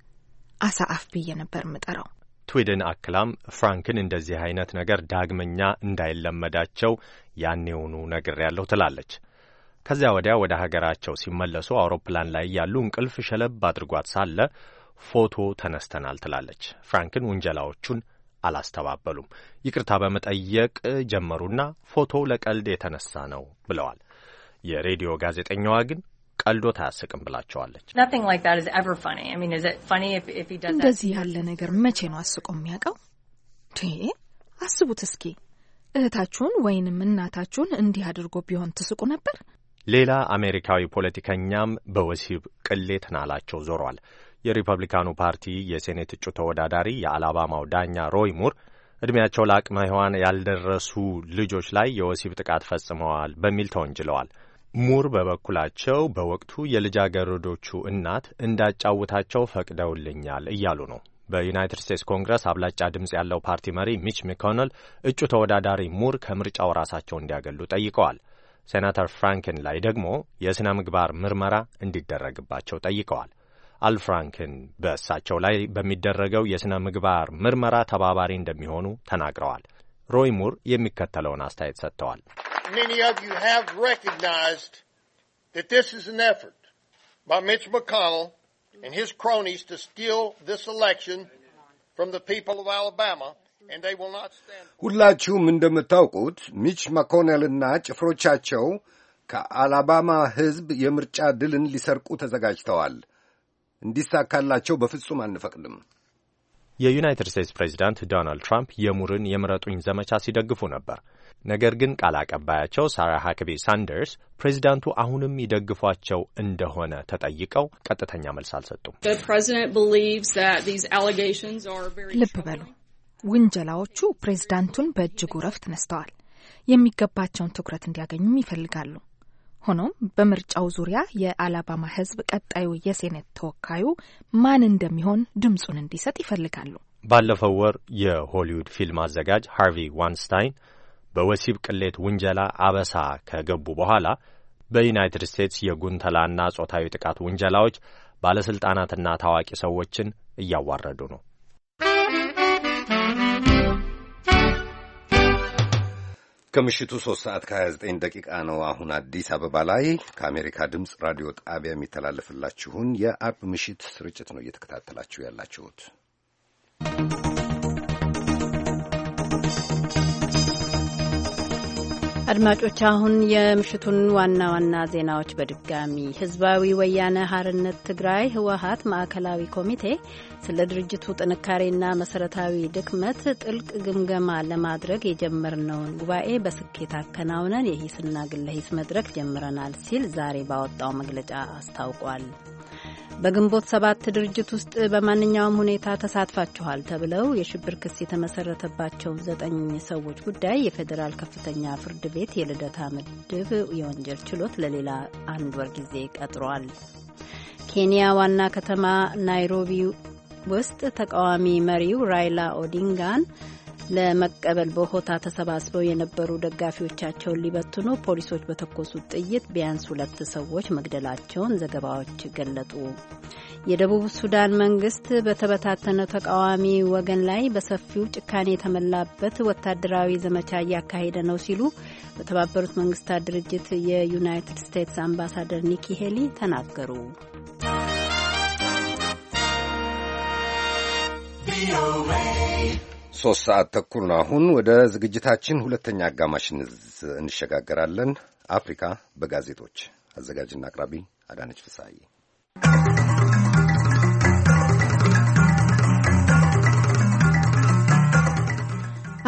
አሳ አፍ ብዬ ነበር ምጠራው። ትዊድን አክላም ፍራንክን እንደዚህ አይነት ነገር ዳግመኛ እንዳይለመዳቸው ያኔውኑ ያለሁ ትላለች። ከዚያ ወዲያ ወደ ሀገራቸው ሲመለሱ አውሮፕላን ላይ ያሉ እንቅልፍ ሸለብ አድርጓት ሳለ ፎቶ ተነስተናል ትላለች። ፍራንክን ውንጀላዎቹን አላስተባበሉም። ይቅርታ በመጠየቅ ጀመሩና ፎቶ ለቀልድ የተነሳ ነው ብለዋል። የሬዲዮ ጋዜጠኛዋ ግን ቀልዶት አያስቅም ብላቸዋለች። እንደዚህ ያለ ነገር መቼ ነው አስቆ የሚያውቀው? አስቡት እስኪ እህታችሁን ወይንም እናታችሁን እንዲህ አድርጎ ቢሆን ትስቁ ነበር? ሌላ አሜሪካዊ ፖለቲከኛም በወሲብ ቅሌት ናላቸው ዞሯል። የሪፐብሊካኑ ፓርቲ የሴኔት እጩ ተወዳዳሪ የአላባማው ዳኛ ሮይ ሙር እድሜያቸው ለአቅመ ሔዋን ያልደረሱ ልጆች ላይ የወሲብ ጥቃት ፈጽመዋል በሚል ተወንጅለዋል። ሙር በበኩላቸው በወቅቱ የልጃገረዶቹ እናት እንዳጫውታቸው ፈቅደውልኛል እያሉ ነው። በዩናይትድ ስቴትስ ኮንግረስ አብላጫ ድምፅ ያለው ፓርቲ መሪ ሚች ሚኮነል እጩ ተወዳዳሪ ሙር ከምርጫው ራሳቸው እንዲያገሉ ጠይቀዋል። ሴናተር ፍራንክን ላይ ደግሞ የሥነ ምግባር ምርመራ እንዲደረግባቸው ጠይቀዋል። አልፍራንክን በእሳቸው ላይ በሚደረገው የሥነ ምግባር ምርመራ ተባባሪ እንደሚሆኑ ተናግረዋል። ሮይ ሙር የሚከተለውን አስተያየት ሰጥተዋል። ሁላችሁም እንደምታውቁት ሚች መኮኔልና ጭፍሮቻቸው ከአላባማ ሕዝብ የምርጫ ድልን ሊሰርቁ ተዘጋጅተዋል። እንዲሳካላቸው በፍጹም አንፈቅድም። የዩናይትድ ስቴትስ ፕሬዚዳንት ዶናልድ ትራምፕ የሙርን የምረጡኝ ዘመቻ ሲደግፉ ነበር። ነገር ግን ቃል አቀባያቸው ሳራ ሀከቤ ሳንደርስ ፕሬዚዳንቱ አሁንም ይደግፏቸው እንደሆነ ተጠይቀው ቀጥተኛ መልስ አልሰጡም። ልብ በሉ፣ ውንጀላዎቹ ፕሬዚዳንቱን በእጅጉ ረፍት ነስተዋል። የሚገባቸውን ትኩረት እንዲያገኙም ይፈልጋሉ። ሆኖም በምርጫው ዙሪያ የአላባማ ሕዝብ ቀጣዩ የሴኔት ተወካዩ ማን እንደሚሆን ድምፁን እንዲሰጥ ይፈልጋሉ። ባለፈው ወር የሆሊውድ ፊልም አዘጋጅ ሃርቪ ዋንስታይን በወሲብ ቅሌት ውንጀላ አበሳ ከገቡ በኋላ በዩናይትድ ስቴትስ የጉንተላና ጾታዊ ጥቃት ውንጀላዎች ባለሥልጣናትና ታዋቂ ሰዎችን እያዋረዱ ነው። ከምሽቱ 3 ሰዓት ከ29 ደቂቃ ነው። አሁን አዲስ አበባ ላይ ከአሜሪካ ድምፅ ራዲዮ ጣቢያ የሚተላለፍላችሁን የአርብ ምሽት ስርጭት ነው እየተከታተላችሁ ያላችሁት። አድማጮች አሁን የምሽቱን ዋና ዋና ዜናዎች በድጋሚ ህዝባዊ ወያነ ሀርነት ትግራይ ህወሀት ማዕከላዊ ኮሚቴ ስለ ድርጅቱ ጥንካሬና መሰረታዊ ድክመት ጥልቅ ግምገማ ለማድረግ የጀመርነውን ጉባኤ በስኬት አከናውነን የሂስና ግለሂስ መድረክ ጀምረናል ሲል ዛሬ ባወጣው መግለጫ አስታውቋል። በግንቦት ሰባት ድርጅት ውስጥ በማንኛውም ሁኔታ ተሳትፋችኋል ተብለው የሽብር ክስ የተመሰረተባቸው ዘጠኝ ሰዎች ጉዳይ የፌዴራል ከፍተኛ ፍርድ ቤት የልደታ ምድብ የወንጀል ችሎት ለሌላ አንድ ወር ጊዜ ቀጥሯል። ኬንያ ዋና ከተማ ናይሮቢ ውስጥ ተቃዋሚ መሪው ራይላ ኦዲንጋን ለመቀበል በሆታ ተሰባስበው የነበሩ ደጋፊዎቻቸውን ሊበትኑ ፖሊሶች በተኮሱት ጥይት ቢያንስ ሁለት ሰዎች መግደላቸውን ዘገባዎች ገለጡ። የደቡብ ሱዳን መንግስት በተበታተነ ተቃዋሚ ወገን ላይ በሰፊው ጭካኔ የተሞላበት ወታደራዊ ዘመቻ እያካሄደ ነው ሲሉ በተባበሩት መንግስታት ድርጅት የዩናይትድ ስቴትስ አምባሳደር ኒኪ ሄሊ ተናገሩ። ቪኦኤ ሶስት ሰዓት ተኩል ነው። አሁን ወደ ዝግጅታችን ሁለተኛ አጋማሽ እንሸጋገራለን። አፍሪካ በጋዜጦች አዘጋጅና አቅራቢ አዳነች ፍስሐዬ።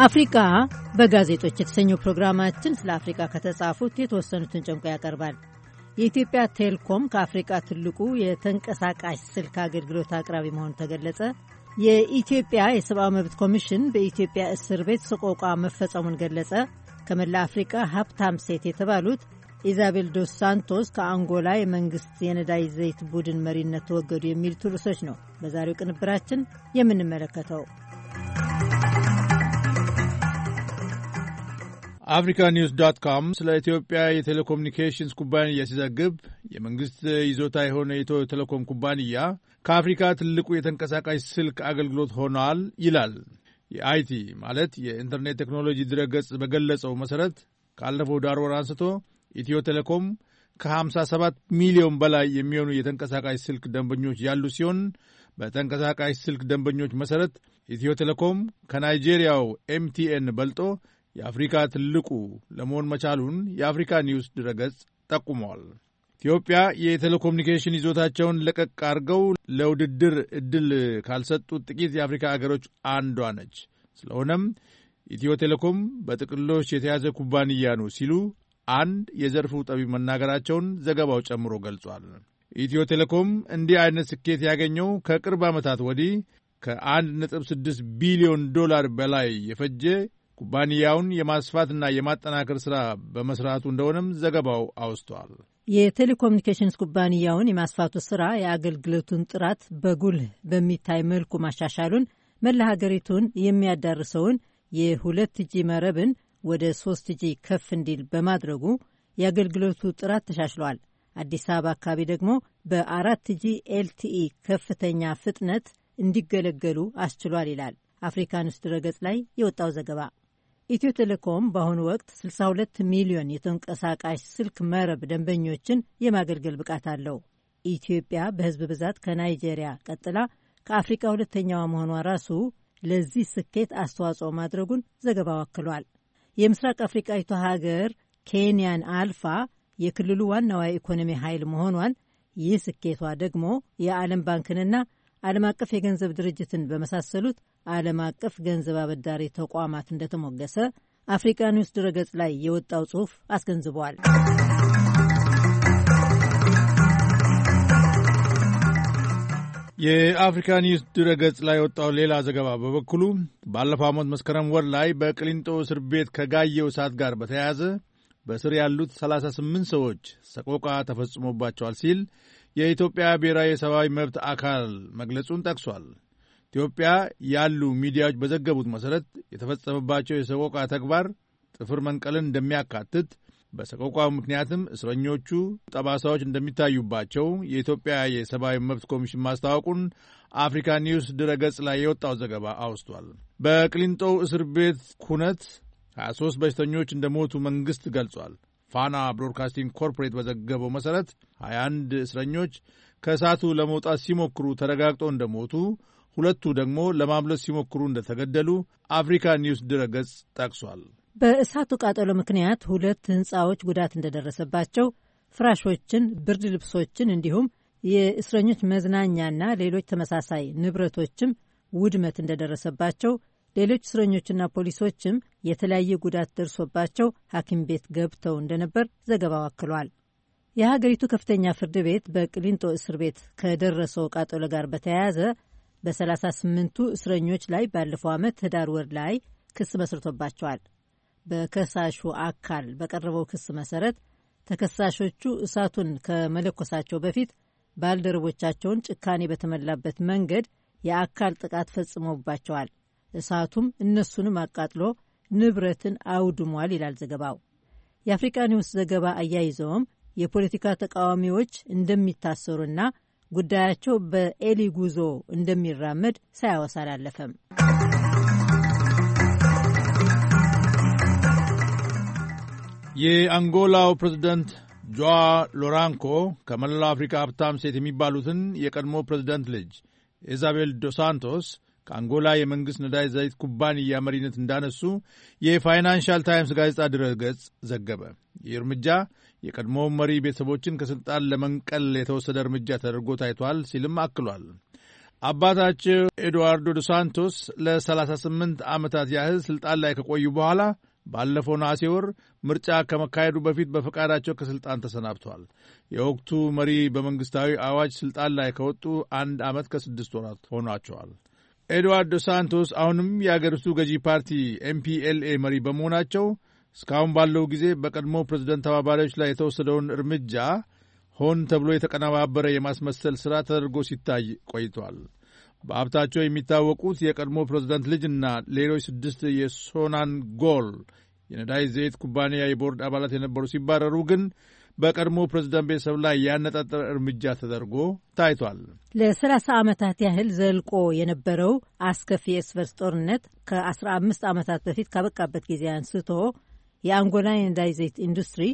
አፍሪካ በጋዜጦች የተሰኘው ፕሮግራማችን ስለ አፍሪካ ከተጻፉት የተወሰኑትን ጨምቆ ያቀርባል። የኢትዮጵያ ቴሌኮም ከአፍሪቃ ትልቁ የተንቀሳቃሽ ስልክ አገልግሎት አቅራቢ መሆኑ ተገለጸ። የኢትዮጵያ የሰብአዊ መብት ኮሚሽን በኢትዮጵያ እስር ቤት ሰቆቃ መፈጸሙን ገለጸ። ከመላ አፍሪቃ ሀብታም ሴት የተባሉት ኢዛቤል ዶስ ሳንቶስ ከአንጎላ የመንግስት የነዳጅ ዘይት ቡድን መሪነት ተወገዱ የሚሉት ርዕሶች ነው በዛሬው ቅንብራችን የምንመለከተው። አፍሪካ ኒውስ ዶት ኮም ስለ ኢትዮጵያ የቴሌኮሙኒኬሽንስ ኩባንያ ሲዘግብ የመንግሥት ይዞታ የሆነ የኢትዮ ቴሌኮም ኩባንያ ከአፍሪካ ትልቁ የተንቀሳቃሽ ስልክ አገልግሎት ሆኗል ይላል። የአይቲ ማለት የኢንተርኔት ቴክኖሎጂ ድረገጽ በገለጸው መሠረት ካለፈው ዳር ወር አንስቶ ኢትዮ ቴሌኮም ከ57 ሚሊዮን በላይ የሚሆኑ የተንቀሳቃሽ ስልክ ደንበኞች ያሉ ሲሆን በተንቀሳቃሽ ስልክ ደንበኞች መሠረት ኢትዮ ቴሌኮም ከናይጄሪያው ኤምቲኤን በልጦ የአፍሪካ ትልቁ ለመሆን መቻሉን የአፍሪካ ኒውስ ድረገጽ ጠቁመዋል። ኢትዮጵያ የቴሌኮሙኒኬሽን ይዞታቸውን ለቀቅ አድርገው ለውድድር እድል ካልሰጡት ጥቂት የአፍሪካ አገሮች አንዷ ነች። ስለሆነም ኢትዮ ቴሌኮም በጥቅሎች የተያዘ ኩባንያ ነው ሲሉ አንድ የዘርፉ ጠቢብ መናገራቸውን ዘገባው ጨምሮ ገልጿል። ኢትዮ ቴሌኮም እንዲህ አይነት ስኬት ያገኘው ከቅርብ ዓመታት ወዲህ ከ1.6 ቢሊዮን ዶላር በላይ የፈጀ ኩባንያውን የማስፋትና የማጠናከር ስራ በመስራቱ እንደሆነም ዘገባው አውስቷል። የቴሌኮሙኒኬሽንስ ኩባንያውን የማስፋቱ ስራ የአገልግሎቱን ጥራት በጉልህ በሚታይ መልኩ ማሻሻሉን፣ መላ ሀገሪቱን የሚያዳርሰውን የሁለት ጂ መረብን ወደ ሶስት ጂ ከፍ እንዲል በማድረጉ የአገልግሎቱ ጥራት ተሻሽሏል። አዲስ አበባ አካባቢ ደግሞ በአራት ጂ ኤልቲኢ ከፍተኛ ፍጥነት እንዲገለገሉ አስችሏል ይላል አፍሪካ ኒውስ ድረገጽ ላይ የወጣው ዘገባ። ኢትዮ ቴሌኮም በአሁኑ ወቅት 62 ሚሊዮን የተንቀሳቃሽ ስልክ መረብ ደንበኞችን የማገልገል ብቃት አለው። ኢትዮጵያ በሕዝብ ብዛት ከናይጄሪያ ቀጥላ ከአፍሪካ ሁለተኛዋ መሆኗ ራሱ ለዚህ ስኬት አስተዋጽኦ ማድረጉን ዘገባው አክሏል። የምስራቅ አፍሪቃዊቷ ሀገር ኬንያን አልፋ የክልሉ ዋናዋ የኢኮኖሚ ኃይል መሆኗን ይህ ስኬቷ ደግሞ የዓለም ባንክንና ዓለም አቀፍ የገንዘብ ድርጅትን በመሳሰሉት ዓለም አቀፍ ገንዘብ አበዳሪ ተቋማት እንደተሞገሰ አፍሪካ ኒውስ ድረገጽ ላይ የወጣው ጽሑፍ አስገንዝበዋል። የአፍሪካ ኒውስ ድረገጽ ላይ የወጣው ሌላ ዘገባ በበኩሉ ባለፈው ዓመት መስከረም ወር ላይ በቅሊንጦ እስር ቤት ከጋየው እሳት ጋር በተያያዘ በእስር ያሉት 38 ሰዎች ሰቆቃ ተፈጽሞባቸዋል ሲል የኢትዮጵያ ብሔራዊ የሰብአዊ መብት አካል መግለጹን ጠቅሷል። ኢትዮጵያ ያሉ ሚዲያዎች በዘገቡት መሠረት የተፈጸመባቸው የሰቆቃ ተግባር ጥፍር መንቀልን እንደሚያካትት በሰቆቋው ምክንያትም እስረኞቹ ጠባሳዎች እንደሚታዩባቸው የኢትዮጵያ የሰብአዊ መብት ኮሚሽን ማስታወቁን አፍሪካ ኒውስ ድረገጽ ላይ የወጣው ዘገባ አውስቷል። በቅሊንጦው እስር ቤት ኩነት 23 በሽተኞች እንደሞቱ መንግሥት ገልጿል። ፋና ብሮድካስቲንግ ኮርፖሬት በዘገበው መሠረት 21 እስረኞች ከእሳቱ ለመውጣት ሲሞክሩ ተረጋግጦ እንደሞቱ፣ ሁለቱ ደግሞ ለማምለስ ሲሞክሩ እንደተገደሉ አፍሪካ ኒውስ ድረገጽ ጠቅሷል። በእሳቱ ቃጠሎ ምክንያት ሁለት ሕንፃዎች ጉዳት እንደደረሰባቸው፣ ፍራሾችን፣ ብርድ ልብሶችን እንዲሁም የእስረኞች መዝናኛና ሌሎች ተመሳሳይ ንብረቶችም ውድመት እንደደረሰባቸው ሌሎች እስረኞችና ፖሊሶችም የተለያየ ጉዳት ደርሶባቸው ሐኪም ቤት ገብተው እንደነበር ዘገባው አክሏል። የሀገሪቱ ከፍተኛ ፍርድ ቤት በቅሊንጦ እስር ቤት ከደረሰው ቃጠሎ ጋር በተያያዘ በ38ቱ እስረኞች ላይ ባለፈው ዓመት ህዳር ወር ላይ ክስ መስርቶባቸዋል። በከሳሹ አካል በቀረበው ክስ መሰረት ተከሳሾቹ እሳቱን ከመለኮሳቸው በፊት ባልደረቦቻቸውን ጭካኔ በተሞላበት መንገድ የአካል ጥቃት ፈጽሞባቸዋል እሳቱም እነሱንም አቃጥሎ ንብረትን አውድሟል ይላል ዘገባው። የአፍሪቃ ኒውስ ዘገባ አያይዘውም የፖለቲካ ተቃዋሚዎች እንደሚታሰሩና ጉዳያቸው በኤሊ ጉዞ እንደሚራመድ ሳያወሳ አላለፈም። የአንጎላው ፕሬዚደንት ጆዋ ሎራንኮ ከመላው አፍሪካ ሀብታም ሴት የሚባሉትን የቀድሞ ፕሬዚደንት ልጅ ኢዛቤል ዶሳንቶስ ከአንጎላ የመንግሥት ነዳጅ ዘይት ኩባንያ መሪነት እንዳነሱ የፋይናንሻል ታይምስ ጋዜጣ ድረ ገጽ ዘገበ። ይህ እርምጃ የቀድሞ መሪ ቤተሰቦችን ከሥልጣን ለመንቀል የተወሰደ እርምጃ ተደርጎ ታይቷል ሲልም አክሏል። አባታቸው ኤድዋርዶ ዶ ሳንቶስ ለ38 ዓመታት ያህል ሥልጣን ላይ ከቆዩ በኋላ ባለፈው ነሐሴ ወር ምርጫ ከመካሄዱ በፊት በፈቃዳቸው ከሥልጣን ተሰናብተዋል። የወቅቱ መሪ በመንግሥታዊ አዋጅ ሥልጣን ላይ ከወጡ አንድ ዓመት ከስድስት ወራት ሆኗቸዋል። ኤድዋርዶ ሳንቶስ አሁንም የአገሪቱ ገዢ ፓርቲ ኤምፒኤልኤ መሪ በመሆናቸው እስካሁን ባለው ጊዜ በቀድሞ ፕሬዝደንት ተባባሪዎች ላይ የተወሰደውን እርምጃ ሆን ተብሎ የተቀነባበረ የማስመሰል ሥራ ተደርጎ ሲታይ ቆይቷል። በሀብታቸው የሚታወቁት የቀድሞ ፕሬዝደንት ልጅና ሌሎች ስድስት የሶናንጎል የነዳጅ ዘይት ኩባንያ የቦርድ አባላት የነበሩ ሲባረሩ ግን በቀድሞ ፕሬዝዳንት ቤተሰብ ላይ ያነጣጠረ እርምጃ ተደርጎ ታይቷል። ለ30 ዓመታት ያህል ዘልቆ የነበረው አስከፊ የእርስ ጦርነት ከ15 ዓመታት በፊት ካበቃበት ጊዜ አንስቶ የአንጎላ የነዳጅ ዘይት ኢንዱስትሪ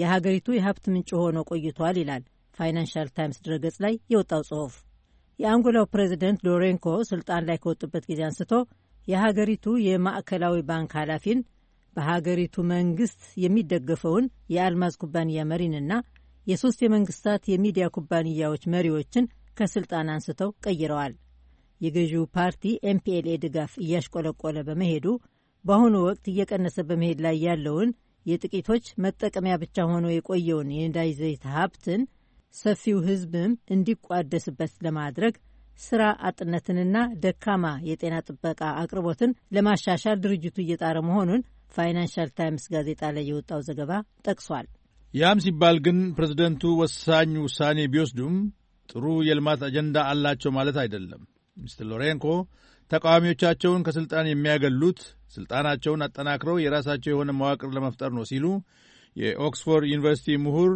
የሀገሪቱ የሀብት ምንጭ ሆኖ ቆይቷል ይላል ፋይናንሻል ታይምስ ድረገጽ ላይ የወጣው ጽሑፍ። የአንጎላው ፕሬዚደንት ሎሬንኮ ስልጣን ላይ ከወጡበት ጊዜ አንስቶ የሀገሪቱ የማዕከላዊ ባንክ ኃላፊን በሀገሪቱ መንግስት የሚደገፈውን የአልማዝ ኩባንያ መሪንና የሶስት የመንግስታት የሚዲያ ኩባንያዎች መሪዎችን ከስልጣን አንስተው ቀይረዋል። የገዢው ፓርቲ ኤምፒኤልኤ ድጋፍ እያሽቆለቆለ በመሄዱ በአሁኑ ወቅት እየቀነሰ በመሄድ ላይ ያለውን የጥቂቶች መጠቀሚያ ብቻ ሆኖ የቆየውን የነዳጅ ዘይት ሀብትን ሰፊው ህዝብም እንዲቋደስበት ለማድረግ ስራ አጥነትንና ደካማ የጤና ጥበቃ አቅርቦትን ለማሻሻል ድርጅቱ እየጣረ መሆኑን ፋይናንሻል ታይምስ ጋዜጣ ላይ የወጣው ዘገባ ጠቅሷል። ያም ሲባል ግን ፕሬዝደንቱ ወሳኝ ውሳኔ ቢወስዱም ጥሩ የልማት አጀንዳ አላቸው ማለት አይደለም። ሚስትር ሎሬንኮ ተቃዋሚዎቻቸውን ከሥልጣን የሚያገሉት ሥልጣናቸውን አጠናክረው የራሳቸው የሆነ መዋቅር ለመፍጠር ነው ሲሉ የኦክስፎርድ ዩኒቨርሲቲ ምሁር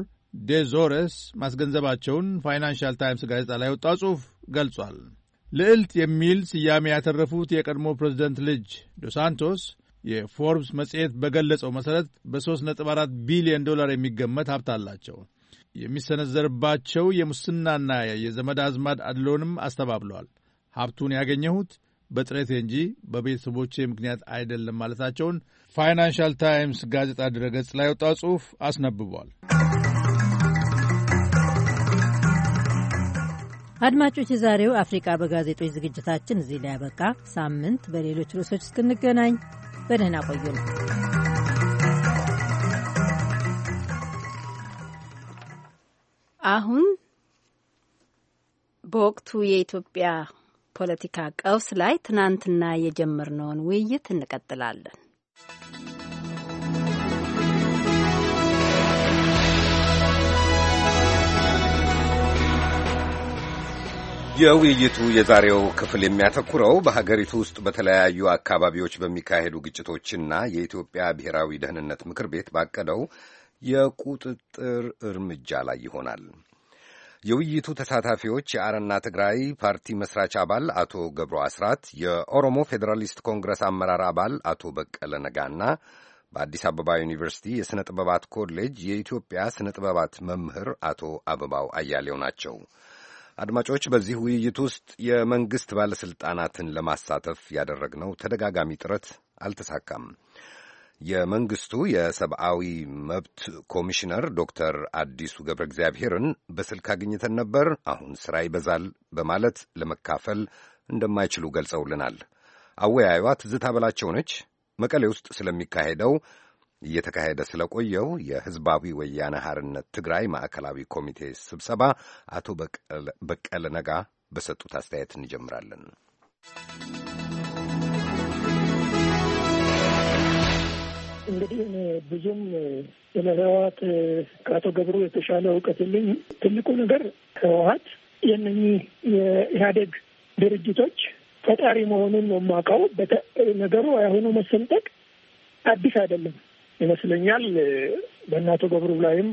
ዴዞረስ ማስገንዘባቸውን ፋይናንሻል ታይምስ ጋዜጣ ላይ ወጣ ጽሑፍ ገልጿል። ልዕልት የሚል ስያሜ ያተረፉት የቀድሞ ፕሬዝደንት ልጅ ዶሳንቶስ የፎርብስ መጽሔት በገለጸው መሠረት በ3.4 ቢሊዮን ዶላር የሚገመት ሀብት አላቸው። የሚሰነዘርባቸው የሙስናና የዘመድ አዝማድ አድሎንም አስተባብለዋል። ሀብቱን ያገኘሁት በጥረቴ እንጂ በቤተሰቦቼ ምክንያት አይደለም ማለታቸውን ፋይናንሻል ታይምስ ጋዜጣ ድረገጽ ላይ ወጣ ጽሑፍ አስነብቧል። አድማጮች፣ የዛሬው አፍሪቃ በጋዜጦች ዝግጅታችን እዚህ ላይ ያበቃ። ሳምንት በሌሎች ርዕሶች እስክንገናኝ በደህና ቆዩ ነው። አሁን በወቅቱ የኢትዮጵያ ፖለቲካ ቀውስ ላይ ትናንትና የጀመርነውን ውይይት እንቀጥላለን። የውይይቱ የዛሬው ክፍል የሚያተኩረው በሀገሪቱ ውስጥ በተለያዩ አካባቢዎች በሚካሄዱ ግጭቶችና የኢትዮጵያ ብሔራዊ ደህንነት ምክር ቤት ባቀደው የቁጥጥር እርምጃ ላይ ይሆናል። የውይይቱ ተሳታፊዎች የአረና ትግራይ ፓርቲ መስራች አባል አቶ ገብሩ አስራት፣ የኦሮሞ ፌዴራሊስት ኮንግረስ አመራር አባል አቶ በቀለ ነጋና በአዲስ አበባ ዩኒቨርሲቲ የሥነ ጥበባት ኮሌጅ የኢትዮጵያ ሥነ ጥበባት መምህር አቶ አበባው አያሌው ናቸው። አድማጮች፣ በዚህ ውይይት ውስጥ የመንግሥት ባለሥልጣናትን ለማሳተፍ ያደረግነው ተደጋጋሚ ጥረት አልተሳካም። የመንግስቱ የሰብአዊ መብት ኮሚሽነር ዶክተር አዲሱ ገብረ እግዚአብሔርን በስልክ አግኝተን ነበር። አሁን ስራ ይበዛል በማለት ለመካፈል እንደማይችሉ ገልጸውልናል። አወያዩዋ ትዝታ በላቸው ነች። መቀሌ ውስጥ ስለሚካሄደው እየተካሄደ ስለቆየው የህዝባዊ ወያነ ሐርነት ትግራይ ማዕከላዊ ኮሚቴ ስብሰባ አቶ በቀለ ነጋ በሰጡት አስተያየት እንጀምራለን። እንግዲህ እኔ ብዙም ስለ ህወሀት ከአቶ ገብሩ የተሻለ እውቀት የለኝም። ትልቁ ነገር ህወሀት የእነኚህ የኢህአዴግ ድርጅቶች ፈጣሪ መሆኑን ነው የማውቀው። ነገሩ የአሁኑ መሰንጠቅ አዲስ አይደለም። ይመስለኛል። በእነ አቶ ገብሩ ላይም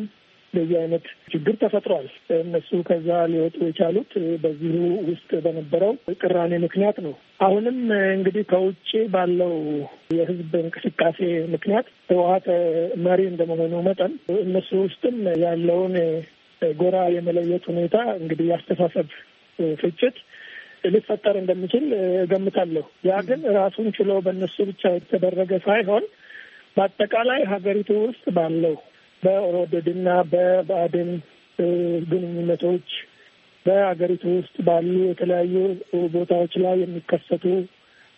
በዚህ አይነት ችግር ተፈጥሯል። እነሱ ከዛ ሊወጡ የቻሉት በዚሁ ውስጥ በነበረው ቅራኔ ምክንያት ነው። አሁንም እንግዲህ ከውጭ ባለው የህዝብ እንቅስቃሴ ምክንያት ህወሀት መሪ እንደመሆኑ መጠን እነሱ ውስጥም ያለውን ጎራ የመለየት ሁኔታ እንግዲህ ያስተሳሰብ ፍጭት ሊፈጠር እንደሚችል እገምታለሁ። ያ ግን ራሱን ችሎ በእነሱ ብቻ የተደረገ ሳይሆን በአጠቃላይ ሀገሪቱ ውስጥ ባለው በኦሮደድና በባዕድን ግንኙነቶች በሀገሪቱ ውስጥ ባሉ የተለያዩ ቦታዎች ላይ የሚከሰቱ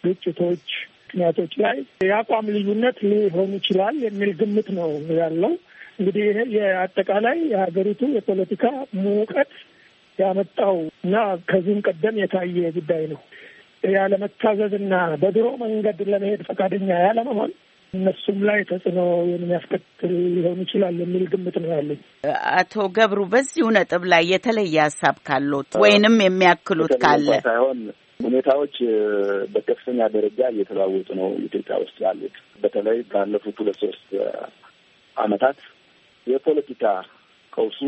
ግጭቶች ምክንያቶች ላይ የአቋም ልዩነት ሊሆን ይችላል የሚል ግምት ነው ያለው። እንግዲህ ይሄ የአጠቃላይ የሀገሪቱ የፖለቲካ ሙቀት ያመጣው እና ከዚህም ቀደም የታየ ጉዳይ ነው። ያለመታዘዝ እና በድሮ መንገድ ለመሄድ ፈቃደኛ ያለመሆን እነሱም ላይ ተጽዕኖ የሚያስከትል ሊሆን ይችላል የሚል ግምት ነው ያለኝ። አቶ ገብሩ በዚሁ ነጥብ ላይ የተለየ ሀሳብ ካሉት ወይንም የሚያክሉት ካለ ሳይሆን ሁኔታዎች በከፍተኛ ደረጃ እየተለዋወጡ ነው ኢትዮጵያ ውስጥ ያሉት። በተለይ ባለፉት ሁለት ሶስት አመታት የፖለቲካ ቀውሱ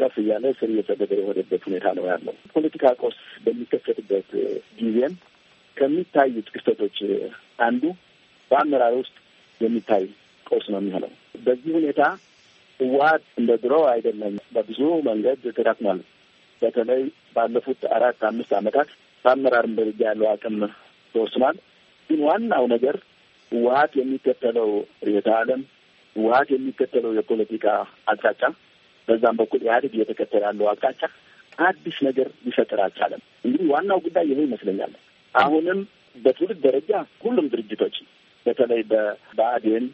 ከፍ እያለ ስር እየሰደደ የሆነበት ሁኔታ ነው ያለው። ፖለቲካ ቀውስ በሚከሰትበት ጊዜም ከሚታዩት ክስተቶች አንዱ በአመራር ውስጥ የሚታይ ቀውስ ነው የሚሆነው። በዚህ ሁኔታ ህወሀት እንደ ድሮ አይደለም፣ በብዙ መንገድ ተዳክሟል። በተለይ ባለፉት አራት አምስት ዓመታት በአመራርም ደረጃ ያለው አቅም ተወስኗል። ግን ዋናው ነገር ህወሀት የሚከተለው ርዕዮተ ዓለም፣ ህወሀት የሚከተለው የፖለቲካ አቅጣጫ፣ በዛም በኩል ኢህአዴግ እየተከተለ ያለው አቅጣጫ አዲስ ነገር ሊፈጥር አልቻለም። እንግዲህ ዋናው ጉዳይ ይሄ ይመስለኛል። አሁንም በትውልድ ደረጃ ሁሉም ድርጅቶች በተለይ በአዴን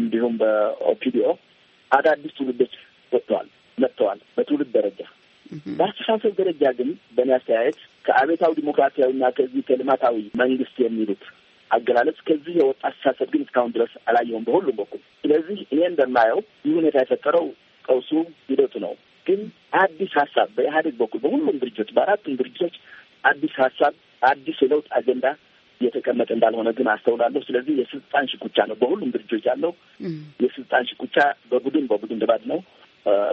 እንዲሁም በኦፒዲኦ አዳዲስ ትውልዶች ወጥተዋል መጥተዋል። በትውልድ ደረጃ በአስተሳሰብ ደረጃ ግን በእኔ አስተያየት ከአቤታዊ ዲሞክራሲያዊና ከዚህ ከልማታዊ መንግስት የሚሉት አገላለጽ ከዚህ የወጣ አስተሳሰብ ግን እስካሁን ድረስ አላየውም በሁሉም በኩል። ስለዚህ እኔ እንደማየው ይህ ሁኔታ የፈጠረው ቀውሱ ሂደቱ ነው። ግን አዲስ ሀሳብ በኢህአዴግ በኩል በሁሉም ድርጅቶች፣ በአራቱም ድርጅቶች አዲስ ሀሳብ፣ አዲስ የለውጥ አጀንዳ የተቀመጠ እንዳልሆነ ግን አስተውላለሁ። ስለዚህ የስልጣን ሽኩቻ ነው በሁሉም ድርጅቶች ያለው የስልጣን ሽኩቻ፣ በቡድን በቡድን ድባድ ነው።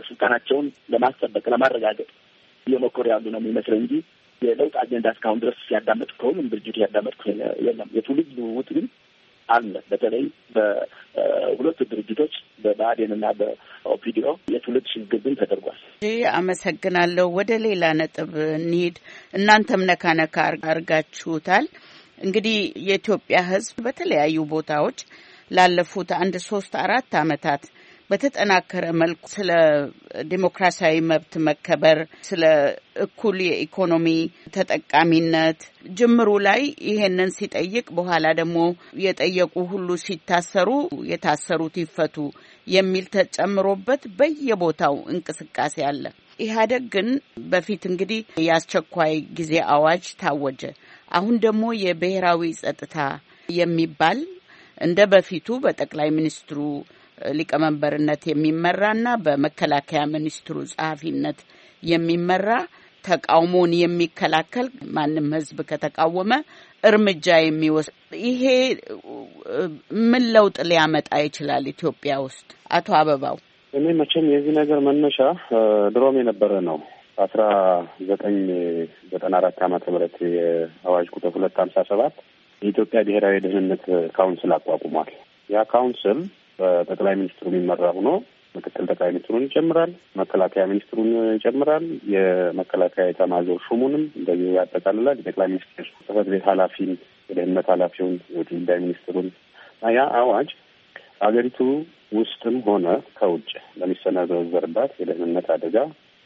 ስልጣናቸውን ለማስጠበቅ ለማረጋገጥ እየሞከሩ ያሉ ነው የሚመስለው እንጂ የለውጥ አጀንዳ እስካሁን ድረስ ሲያዳመጡ ከሁሉም ድርጅቱ ያዳመጥኩ የለም። የትውልድ ልውውጥ ግን አለ። በተለይ በሁለቱ ድርጅቶች በብአዴንና በኦፒዲዮ የትውልድ ሽግግር ግን ተደርጓል። አመሰግናለሁ። ወደ ሌላ ነጥብ እንሂድ። እናንተም ነካ አርጋችሁታል። እንግዲህ የኢትዮጵያ ሕዝብ በተለያዩ ቦታዎች ላለፉት አንድ ሶስት አራት ዓመታት በተጠናከረ መልኩ ስለ ዲሞክራሲያዊ መብት መከበር፣ ስለ እኩል የኢኮኖሚ ተጠቃሚነት ጅምሩ ላይ ይሄንን ሲጠይቅ በኋላ ደግሞ የጠየቁ ሁሉ ሲታሰሩ የታሰሩት ይፈቱ የሚል ተጨምሮበት በየቦታው እንቅስቃሴ አለ። ኢህአዴግ ግን በፊት እንግዲህ የአስቸኳይ ጊዜ አዋጅ ታወጀ። አሁን ደግሞ የብሔራዊ ጸጥታ የሚባል እንደ በፊቱ በጠቅላይ ሚኒስትሩ ሊቀመንበርነት የሚመራና በመከላከያ ሚኒስትሩ ጸሐፊነት የሚመራ ተቃውሞን የሚከላከል ማንም ህዝብ ከተቃወመ እርምጃ የሚወስድ ይሄ ምን ለውጥ ሊያመጣ ይችላል ኢትዮጵያ ውስጥ? አቶ አበባው፣ እኔ መቼም የዚህ ነገር መነሻ ድሮም የነበረ ነው። አስራ ዘጠኝ ዘጠና አራት ዓመተ ምህረት የአዋጅ ቁጥር ሁለት ሀምሳ ሰባት የኢትዮጵያ ብሔራዊ ደህንነት ካውንስል አቋቁሟል። ያ ካውንስል በጠቅላይ ሚኒስትሩ የሚመራ ሆኖ ምክትል ጠቅላይ ሚኒስትሩን ይጨምራል፣ መከላከያ ሚኒስትሩን ይጨምራል፣ የመከላከያ ኤታማዦር ሹሙንም እንደዚሁ ያጠቃልላል። የጠቅላይ ሚኒስትር ጽሕፈት ቤት ኃላፊን፣ የደህንነት ኃላፊውን፣ የውጭ ጉዳይ ሚኒስትሩን ያ አዋጅ አገሪቱ ውስጥም ሆነ ከውጭ ለሚሰነዘርባት የደህንነት አደጋ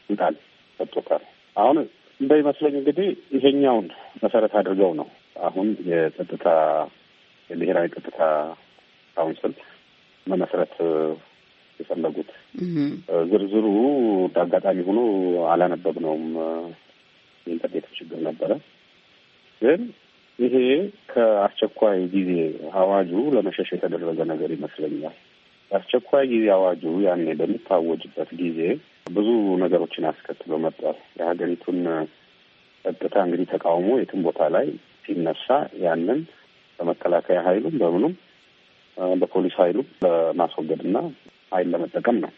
ይውጣል ሰጥቶታል። አሁን እንደሚመስለኝ እንግዲህ ይሄኛውን መሰረት አድርገው ነው አሁን የጸጥታ የብሔራዊ ጸጥታ ካውንስል መመስረት የፈለጉት። ዝርዝሩ አጋጣሚ ሆኖ አላነበብነውም፣ የኢንተርኔት ችግር ነበረ። ግን ይሄ ከአስቸኳይ ጊዜ አዋጁ ለመሸሽ የተደረገ ነገር ይመስለኛል። የአስቸኳይ ጊዜ አዋጁ ያኔ በሚታወጅበት ጊዜ ብዙ ነገሮችን አስከትሎ መጥቷል። የሀገሪቱን ጸጥታ እንግዲህ ተቃውሞ የትም ቦታ ላይ ሲነሳ ያንን በመከላከያ ኃይሉም በምኑም በፖሊስ ኃይሉ ለማስወገድና ኃይል ለመጠቀም ነው።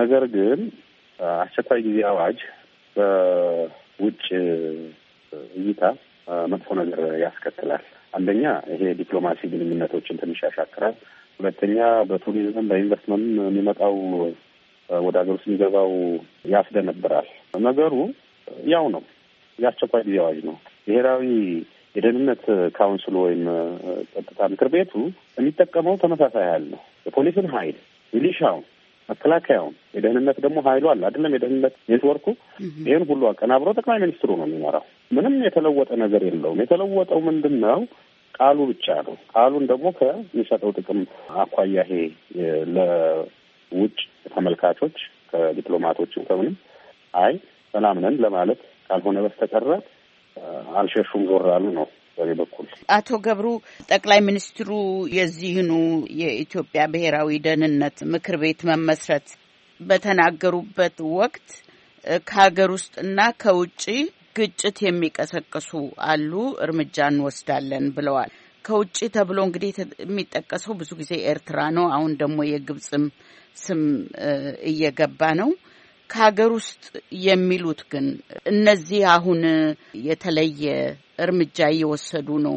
ነገር ግን አስቸኳይ ጊዜ አዋጅ በውጭ እይታ መጥፎ ነገር ያስከትላል። አንደኛ ይሄ ዲፕሎማሲ ግንኙነቶችን ትንሽ ያሻክራል። ሁለተኛ በቱሪዝም በኢንቨስትመንት የሚመጣው ወደ ሀገር ውስጥ የሚገባው ያስደነብራል። ነገሩ ያው ነው፣ የአስቸኳይ ጊዜ አዋጅ ነው። ብሔራዊ የደህንነት ካውንስሉ ወይም ጸጥታ ምክር ቤቱ የሚጠቀመው ተመሳሳይ ኃይል ነው። የፖሊስን ኃይል፣ ሚሊሻውን፣ መከላከያውን፣ የደህንነት ደግሞ ኃይሉ አለ አይደለም? የደህንነት ኔትወርኩ ይህን ሁሉ አቀናብሮ ጠቅላይ ሚኒስትሩ ነው የሚመራው። ምንም የተለወጠ ነገር የለውም። የተለወጠው ምንድን ነው? ቃሉ ብቻ ነው። ቃሉን ደግሞ ከሚሰጠው ጥቅም አኳያ ይሄ ለውጭ ተመልካቾች ከዲፕሎማቶችም ከምንም አይ ሰላም ነን ለማለት ካልሆነ በስተቀረ አልሸሹም፣ ዞር አሉ ነው በኔ በኩል። አቶ ገብሩ ጠቅላይ ሚኒስትሩ የዚህኑ የኢትዮጵያ ብሔራዊ ደህንነት ምክር ቤት መመስረት በተናገሩበት ወቅት ከሀገር ውስጥና ከውጭ ግጭት የሚቀሰቅሱ አሉ፣ እርምጃ እንወስዳለን ብለዋል። ከውጭ ተብሎ እንግዲህ የሚጠቀሰው ብዙ ጊዜ ኤርትራ ነው። አሁን ደግሞ የግብፅም ስም እየገባ ነው። ከሀገር ውስጥ የሚሉት ግን እነዚህ አሁን የተለየ እርምጃ እየወሰዱ ነው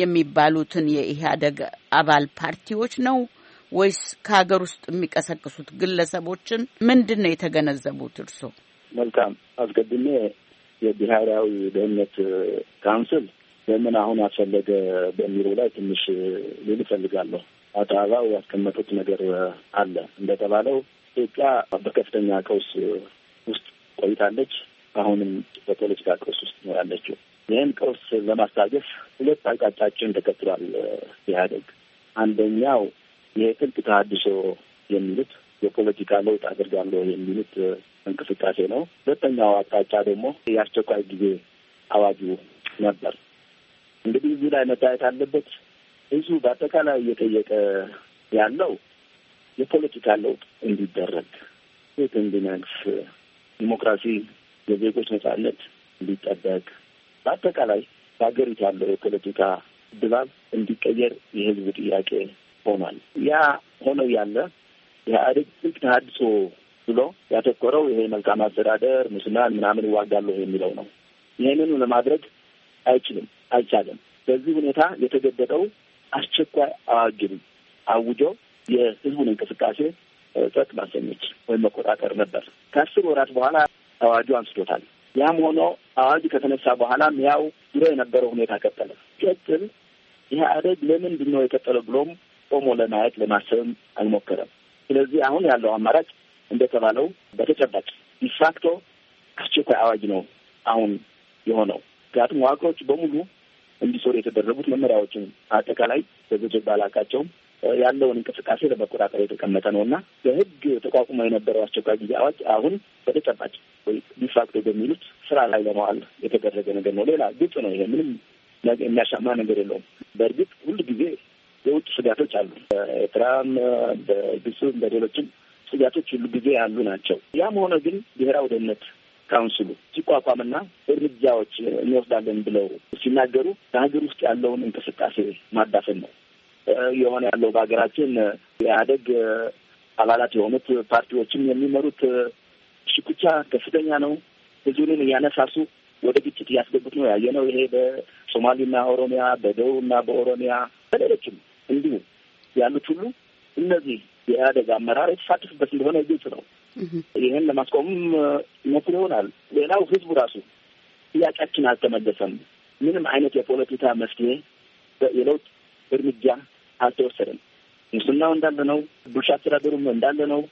የሚባሉትን የኢህአደግ አባል ፓርቲዎች ነው ወይስ ከሀገር ውስጥ የሚቀሰቅሱት ግለሰቦችን ምንድን ነው የተገነዘቡት እርስዎ? መልካም አስቀድሜ የብሔራዊ ደህንነት ካውንስል ለምን አሁን አስፈለገ በሚለው ላይ ትንሽ ልል እፈልጋለሁ። አቶ ያስቀመጡት ነገር አለ። እንደተባለው ኢትዮጵያ በከፍተኛ ቀውስ ውስጥ ቆይታለች። አሁንም በፖለቲካ ቀውስ ውስጥ ነው ያለችው። ይህን ቀውስ ለማስታገፍ ሁለት አቅጣጫችን ተከትሏል ኢህአዴግ። አንደኛው የጥልቅ ተሃድሶ የሚሉት የፖለቲካ ለውጥ አድርጋለሁ የሚሉት እንቅስቃሴ ነው። ሁለተኛው አቅጣጫ ደግሞ የአስቸኳይ ጊዜ አዋጁ ነበር። እንግዲህ እዚህ ላይ መታየት አለበት። ህዝቡ በአጠቃላይ እየጠየቀ ያለው የፖለቲካ ለውጥ እንዲደረግ፣ ቤት እንዲነግስ፣ ዲሞክራሲ፣ የዜጎች ነጻነት እንዲጠበቅ፣ በአጠቃላይ በሀገሪቱ ያለው የፖለቲካ ድባብ እንዲቀየር የህዝቡ ጥያቄ ሆኗል። ያ ሆነው ያለ ኢህአዴግ ስልት ተሀድሶ ብሎ ያተኮረው ይሄ መልካም አስተዳደር ሙስናን ምናምን ይዋጋለሁ የሚለው ነው። ይህንን ለማድረግ አይችልም አይቻለም። በዚህ ሁኔታ የተገደጠው አስቸኳይ አዋጅን አውጆ የህዝቡን እንቅስቃሴ ጸጥ ማሰኞች ወይም መቆጣጠር ነበር። ከአስር ወራት በኋላ አዋጁ አንስቶታል። ያም ሆኖ አዋጁ ከተነሳ በኋላም ያው ድሮ የነበረው ሁኔታ ቀጠለ። ሲቀጥል ኢህአዴግ ለምንድን ነው የቀጠለው ብሎም ቆሞ ለማየት ለማሰብም አልሞከረም። ስለዚህ አሁን ያለው አማራጭ እንደተባለው በተጨባጭ ዲፋክቶ አስቸኳይ አዋጅ ነው አሁን የሆነው። ምክንያቱም መዋቅሮች በሙሉ እንዲሰሩ የተደረጉት መመሪያዎችን አጠቃላይ በበጀት ባላቃቸውም ያለውን እንቅስቃሴ ለመቆጣጠር የተቀመጠ ነው እና በህግ ተቋቁሞ የነበረው አስቸኳይ ጊዜ አዋጅ አሁን በተጨባጭ ወይ ዲፋክቶ በሚሉት ስራ ላይ ለመዋል የተደረገ ነገር ነው። ሌላ ግልጽ ነው። ይሄ ምንም የሚያሻማ ነገር የለውም። በእርግጥ ሁል ጊዜ የውጭ ስጋቶች አሉ። በኤርትራም፣ በግብፅም፣ በሌሎችም ስጋቶች ሁሉ ጊዜ ያሉ ናቸው። ያም ሆነ ግን ብሔራዊ ደህንነት ካውንስሉ ሲቋቋምና እርምጃዎች እንወስዳለን ብለው ሲናገሩ በሀገር ውስጥ ያለውን እንቅስቃሴ ማዳፈን ነው የሆነ ያለው በሀገራችን የኢህአደግ አባላት የሆኑት ፓርቲዎችም የሚመሩት ሽኩቻ ከፍተኛ ነው። ህዝቡንም እያነሳሱ ወደ ግጭት እያስገቡት ነው ያየ ነው። ይሄ በሶማሌና ኦሮሚያ፣ በደቡብና በኦሮሚያ በሌሎችም እንዲሁ ያሉት ሁሉ እነዚህ የኢህአደግ አመራር የተሳተፉበት እንደሆነ ግልጽ ነው። ይህን ለማስቆምም ሞክሮ ይሆናል። ሌላው ህዝቡ ራሱ ጥያቄያችን አልተመለሰም፣ ምንም አይነት የፖለቲካ መፍትሄ የለውጥ እርምጃ አልተወሰደም፣ ሙስናው እንዳለ ነው፣ ብልሹ አስተዳደሩም እንዳለ ነው፣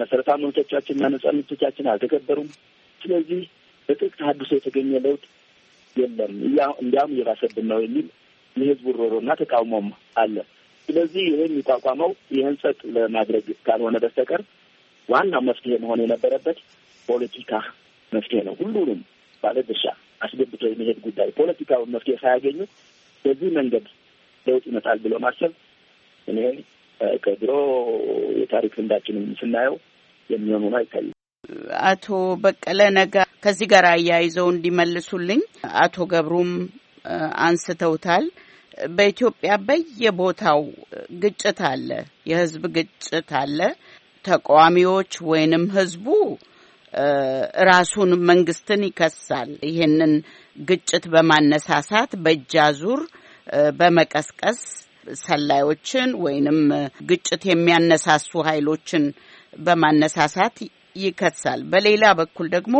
መሰረታዊ መብቶቻችንና ነጻነቶቻችን አልተከበሩም። ስለዚህ በጥልቅ ተሀድሶ የተገኘ ለውጥ የለም፣ እንዲያውም እየባሰብን ነው የሚል የህዝቡ እና ተቃውሞም አለ። ስለዚህ ይህን የሚቋቋመው ይህን ጸጥ ለማድረግ ካልሆነ በስተቀር ዋናው መፍትሄ መሆን የነበረበት ፖለቲካ መፍትሄ ነው። ሁሉንም ባለድርሻ አስገብቶ የመሄድ ጉዳይ ፖለቲካውን መፍትሄ ሳያገኙ በዚህ መንገድ ለውጥ ይመጣል ብሎ ማሰብ እኔ ከድሮ የታሪክ ልምዳችንም ስናየው የሚሆኑ ነው አይታይም። አቶ በቀለ ነጋ ከዚህ ጋር አያይዘው እንዲመልሱልኝ አቶ ገብሩም አንስተውታል። በኢትዮጵያ በየቦታው ግጭት አለ፣ የህዝብ ግጭት አለ። ተቃዋሚዎች ወይንም ህዝቡ ራሱን መንግስትን ይከሳል። ይህንን ግጭት በማነሳሳት በእጃዙር በመቀስቀስ ሰላዮችን ወይንም ግጭት የሚያነሳሱ ኃይሎችን በማነሳሳት ይከሳል። በሌላ በኩል ደግሞ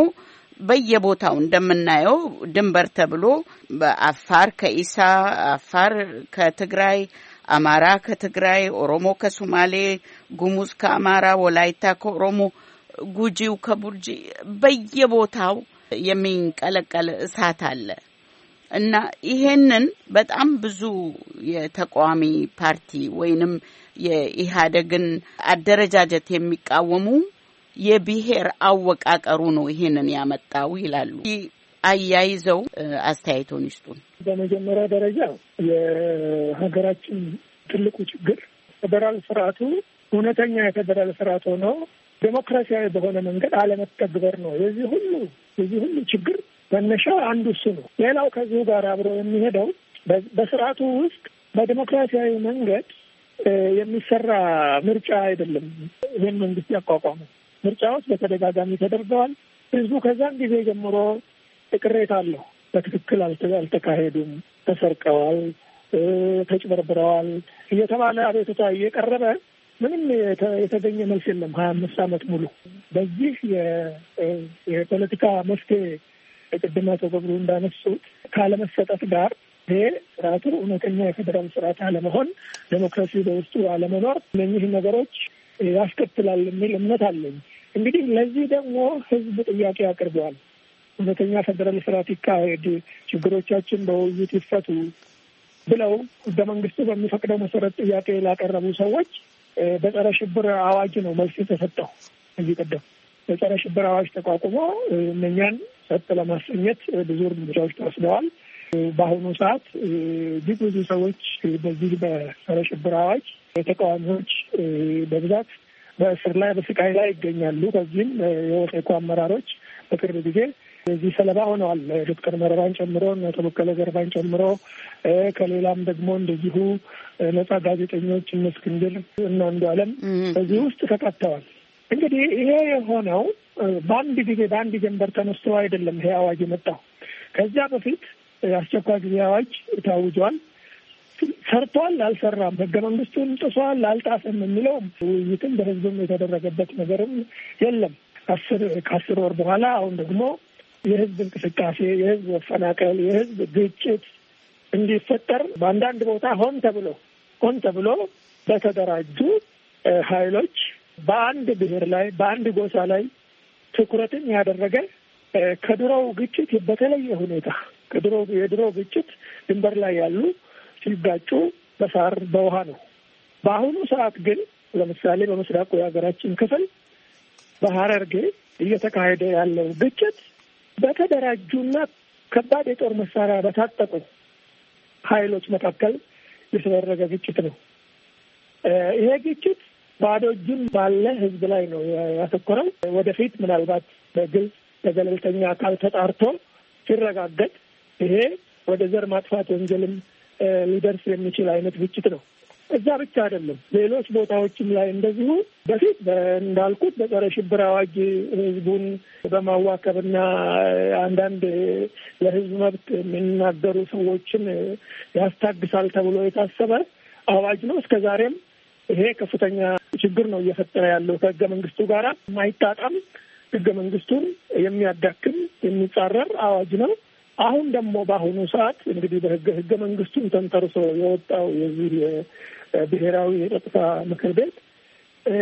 በየቦታው እንደምናየው ድንበር ተብሎ በአፋር ከኢሳ አፋር ከትግራይ አማራ ከትግራይ ኦሮሞ ከሱማሌ ጉሙዝ ከአማራ ወላይታ ከኦሮሞ ጉጂው ከቡርጂ በየቦታው የሚንቀለቀል እሳት አለ እና ይሄንን በጣም ብዙ የተቃዋሚ ፓርቲ ወይንም የኢህአዴግን አደረጃጀት የሚቃወሙ የብሔር አወቃቀሩ ነው ይሄንን ያመጣው ይላሉ። አያይዘው አስተያየቶን ይስጡን። በመጀመሪያ ደረጃ የሀገራችን ትልቁ ችግር ፌደራል ስርዓቱ እውነተኛ የፌደራል ስርዓት ሆኖ ዴሞክራሲያዊ በሆነ መንገድ አለመተግበር ነው። የዚህ ሁሉ የዚህ ሁሉ ችግር መነሻ አንዱ እሱ ነው። ሌላው ከዚሁ ጋር አብሮ የሚሄደው በስርዓቱ ውስጥ በዴሞክራሲያዊ መንገድ የሚሰራ ምርጫ አይደለም ይህን መንግስት ያቋቋመው ምርጫዎች በተደጋጋሚ ተደርገዋል። ህዝቡ ከዛን ጊዜ ጀምሮ ቅሬታ አለው። በትክክል አልተካሄዱም፣ ተሰርቀዋል፣ ተጭበርብረዋል እየተባለ አቤቱታ እየቀረበ ምንም የተገኘ መልስ የለም። ሀያ አምስት ዓመት ሙሉ በዚህ የፖለቲካ መፍትሄ የቅድም አቶ ገብሩ እንዳነሱት ካለመሰጠት ጋር ይሄ ስርአቱ እውነተኛ የፌዴራል ስርአት አለመሆን፣ ዴሞክራሲ በውስጡ አለመኖር እነኚህ ነገሮች ያስከትላል የሚል እምነት አለኝ። እንግዲህ ለዚህ ደግሞ ህዝብ ጥያቄ አቅርበዋል። እውነተኛ ፌደራል ስርዓት ይካሄድ፣ ችግሮቻችን በውይይት ይፈቱ ብለው ህገ መንግስቱ በሚፈቅደው መሰረት ጥያቄ ላቀረቡ ሰዎች በጸረ ሽብር አዋጅ ነው መልስ የተሰጠው። እዚህ ቀደም በጸረ ሽብር አዋጅ ተቋቁሞ እነኛን ጸጥ ለማሰኘት ብዙ እርምጃዎች ተወስደዋል። በአሁኑ ሰዓት እጅግ ብዙ ሰዎች በዚህ በጸረ ሽብር አዋጅ ተቃዋሚዎች በብዛት በእስር ላይ በስቃይ ላይ ይገኛሉ። በዚህም የኦፌኮ አመራሮች በቅርብ ጊዜ እዚህ ሰለባ ሆነዋል። ዶክተር መረራን ጨምሮ አቶ በቀለ ገርባን ጨምሮ ከሌላም ደግሞ እንደዚሁ ነጻ ጋዜጠኞች እነ እስክንድር እና አለም በዚህ ውስጥ ተቃተዋል። እንግዲህ ይሄ የሆነው በአንድ ጊዜ በአንድ ጀንበር ተነስቶ አይደለም። ይሄ አዋጅ የመጣው ከዚያ በፊት አስቸኳይ ጊዜ አዋጅ ታውጇል። ሰርቷል አልሰራም፣ ህገ መንግስቱን ጥሷል አልጣሰም የሚለውም ውይይትም በህዝብም የተደረገበት ነገርም የለም። አስር ከአስር ወር በኋላ አሁን ደግሞ የህዝብ እንቅስቃሴ፣ የህዝብ መፈናቀል፣ የህዝብ ግጭት እንዲፈጠር በአንዳንድ ቦታ ሆን ተብሎ ሆን ተብሎ በተደራጁ ኃይሎች በአንድ ብሔር ላይ በአንድ ጎሳ ላይ ትኩረትን ያደረገ ከድሮው ግጭት በተለየ ሁኔታ ከድሮ የድሮ ግጭት ድንበር ላይ ያሉ ሲጋጩ በሳር በውሃ ነው። በአሁኑ ሰዓት ግን ለምሳሌ በምስራቁ የሀገራችን ክፍል በሀረርጌ እየተካሄደ ያለው ግጭት በተደራጁና ከባድ የጦር መሳሪያ በታጠቁ ኃይሎች መካከል የተደረገ ግጭት ነው። ይሄ ግጭት ባዶ እጁን ባለ ህዝብ ላይ ነው ያተኮረው። ወደፊት ምናልባት በግልጽ በገለልተኛ አካል ተጣርቶ ሲረጋገጥ ይሄ ወደ ዘር ማጥፋት ወንጀልም ሊደርስ የሚችል አይነት ግጭት ነው። እዛ ብቻ አይደለም፣ ሌሎች ቦታዎችም ላይ እንደዚሁ በፊት እንዳልኩት በጸረ ሽብር አዋጅ ህዝቡን በማዋከብና አንዳንድ ለህዝብ መብት የሚናገሩ ሰዎችን ያስታግሳል ተብሎ የታሰበ አዋጅ ነው። እስከ ዛሬም ይሄ ከፍተኛ ችግር ነው እየፈጠረ ያለው ከህገ መንግስቱ ጋር የማይጣጣም ህገ መንግስቱን የሚያዳክም የሚጻረር አዋጅ ነው። አሁን ደግሞ በአሁኑ ሰዓት እንግዲህ በህገ ህገ መንግስቱን ተንተርሶ የወጣው የዚህ ብሔራዊ የጸጥታ ምክር ቤት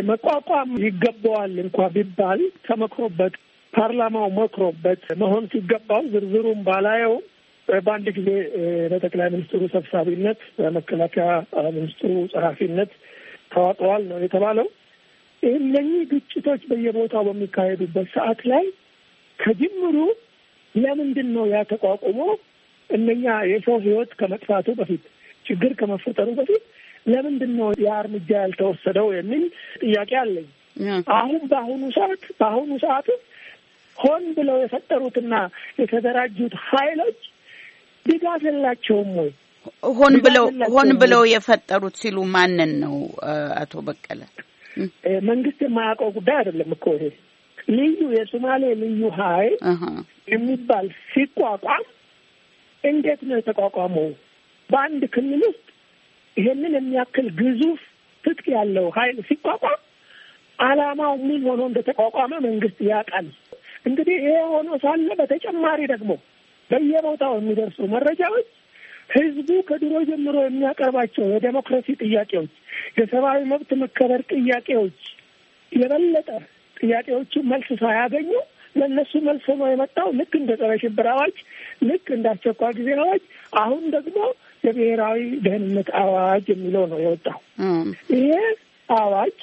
መቋቋም ይገባዋል እንኳ ቢባል ተመክሮበት ፓርላማው መክሮበት መሆን ሲገባው ዝርዝሩም ባላየው በአንድ ጊዜ በጠቅላይ ሚኒስትሩ ሰብሳቢነት በመከላከያ ሚኒስትሩ ጸሐፊነት ተዋጥሯል ነው የተባለው። እነኚህ ግጭቶች በየቦታው በሚካሄዱበት ሰዓት ላይ ከጅምሩ ለምንድን ነው ያ ተቋቁሞ እነኛ የሰው ህይወት ከመጥፋቱ በፊት ችግር ከመፈጠሩ በፊት ለምንድን ነው ያ እርምጃ ያልተወሰደው የሚል ጥያቄ አለኝ። አሁን በአሁኑ ሰዓት በአሁኑ ሰዓት ሆን ብለው የፈጠሩትና የተደራጁት ኃይሎች ድጋፍ የላቸውም ወይ? ሆን ብለው ሆን ብለው የፈጠሩት ሲሉ ማንን ነው? አቶ በቀለ መንግስት የማያውቀው ጉዳይ አይደለም እኮ ይሄ ልዩ የሶማሌ ልዩ ኃይል የሚባል ሲቋቋም እንዴት ነው የተቋቋመው? በአንድ ክልል ውስጥ ይሄንን የሚያክል ግዙፍ ትጥቅ ያለው ኃይል ሲቋቋም ዓላማው ምን ሆኖ እንደተቋቋመ መንግስት ያውቃል። እንግዲህ ይሄ ሆኖ ሳለ በተጨማሪ ደግሞ በየቦታው የሚደርሱ መረጃዎች ህዝቡ ከድሮ ጀምሮ የሚያቀርባቸው የዴሞክራሲ ጥያቄዎች፣ የሰብአዊ መብት መከበር ጥያቄዎች የበለጠ ጥያቄዎቹ መልስ ሳያገኙ ለእነሱ መልስ ሆኖ የመጣው። ልክ እንደ ጸረ ሽብር አዋጅ፣ ልክ እንደ አስቸኳይ ጊዜ አዋጅ፣ አሁን ደግሞ የብሔራዊ ደህንነት አዋጅ የሚለው ነው የወጣው። ይሄ አዋጅ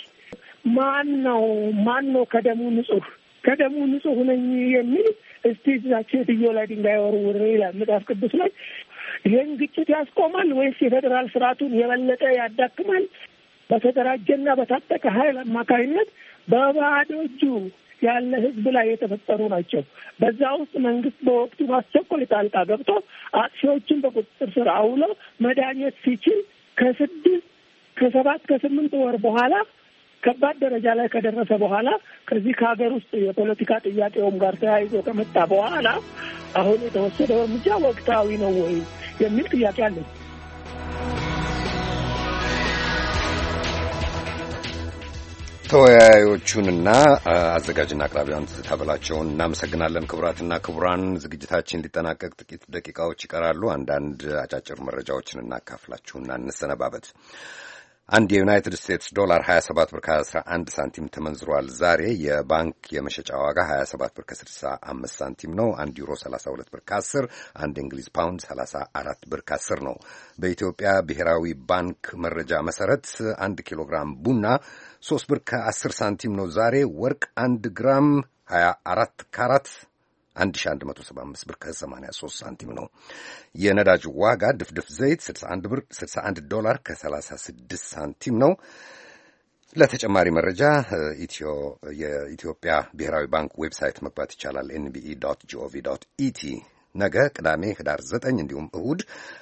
ማን ነው ማን ነው ከደሙ ንጹህ ከደሙ ንጹህ ነኝ የሚል እስቲ እዛቸው ሴትዮ ላይ ድንጋይ ወርውር ይላል መጽሐፍ ቅዱስ ላይ። ይህን ግጭት ያስቆማል ወይስ የፌዴራል ስርዓቱን የበለጠ ያዳክማል? በተደራጀና በታጠቀ ኃይል አማካኝነት በባዶ እጁ ያለ ህዝብ ላይ የተፈጠሩ ናቸው። በዛ ውስጥ መንግስት በወቅቱ አስቸኳይ ጣልቃ ገብቶ አጥፊዎችን በቁጥጥር ስር አውሎ መድኃኒት ሲችል ከስድስት ከሰባት ከስምንት ወር በኋላ ከባድ ደረጃ ላይ ከደረሰ በኋላ ከዚህ ከሀገር ውስጥ የፖለቲካ ጥያቄውም ጋር ተያይዞ ከመጣ በኋላ አሁን የተወሰደው እርምጃ ወቅታዊ ነው ወይ የሚል ጥያቄ አለኝ። ተወያዮቹንና አዘጋጅና አቅራቢያን ተበላቸውን እናመሰግናለን። ክቡራትና ክቡራን ዝግጅታችን ሊጠናቀቅ ጥቂት ደቂቃዎች ይቀራሉ። አንዳንድ አጫጭር መረጃዎችን እናካፍላችሁና እንሰነባበት። አንድ የዩናይትድ ስቴትስ ዶላር 27 ብር ከ11 ሳንቲም ተመንዝሯል። ዛሬ የባንክ የመሸጫ ዋጋ 27 ብር ከ65 ሳንቲም ነው። አንድ ዩሮ 32 ብር ከ10፣ አንድ እንግሊዝ ፓውንድ 34 ብር ከ10 ነው። በኢትዮጵያ ብሔራዊ ባንክ መረጃ መሰረት 1 ኪሎ ግራም ቡና 3 ብር ከ10 ሳንቲም ነው። ዛሬ ወርቅ 1 ግራም 24 ካራት 1175 ብር ከ83 ሳንቲም ነው። የነዳጅ ዋጋ ድፍድፍ ዘይት 61 ብር 61 ዶላር ከ36 ሳንቲም ነው። ለተጨማሪ መረጃ የኢትዮጵያ ብሔራዊ ባንክ ዌብሳይት መግባት ይቻላል። ኤንቢኢ ጂኦቪ ኢቲ። ነገ ቅዳሜ ህዳር 9 እንዲሁም እሁድ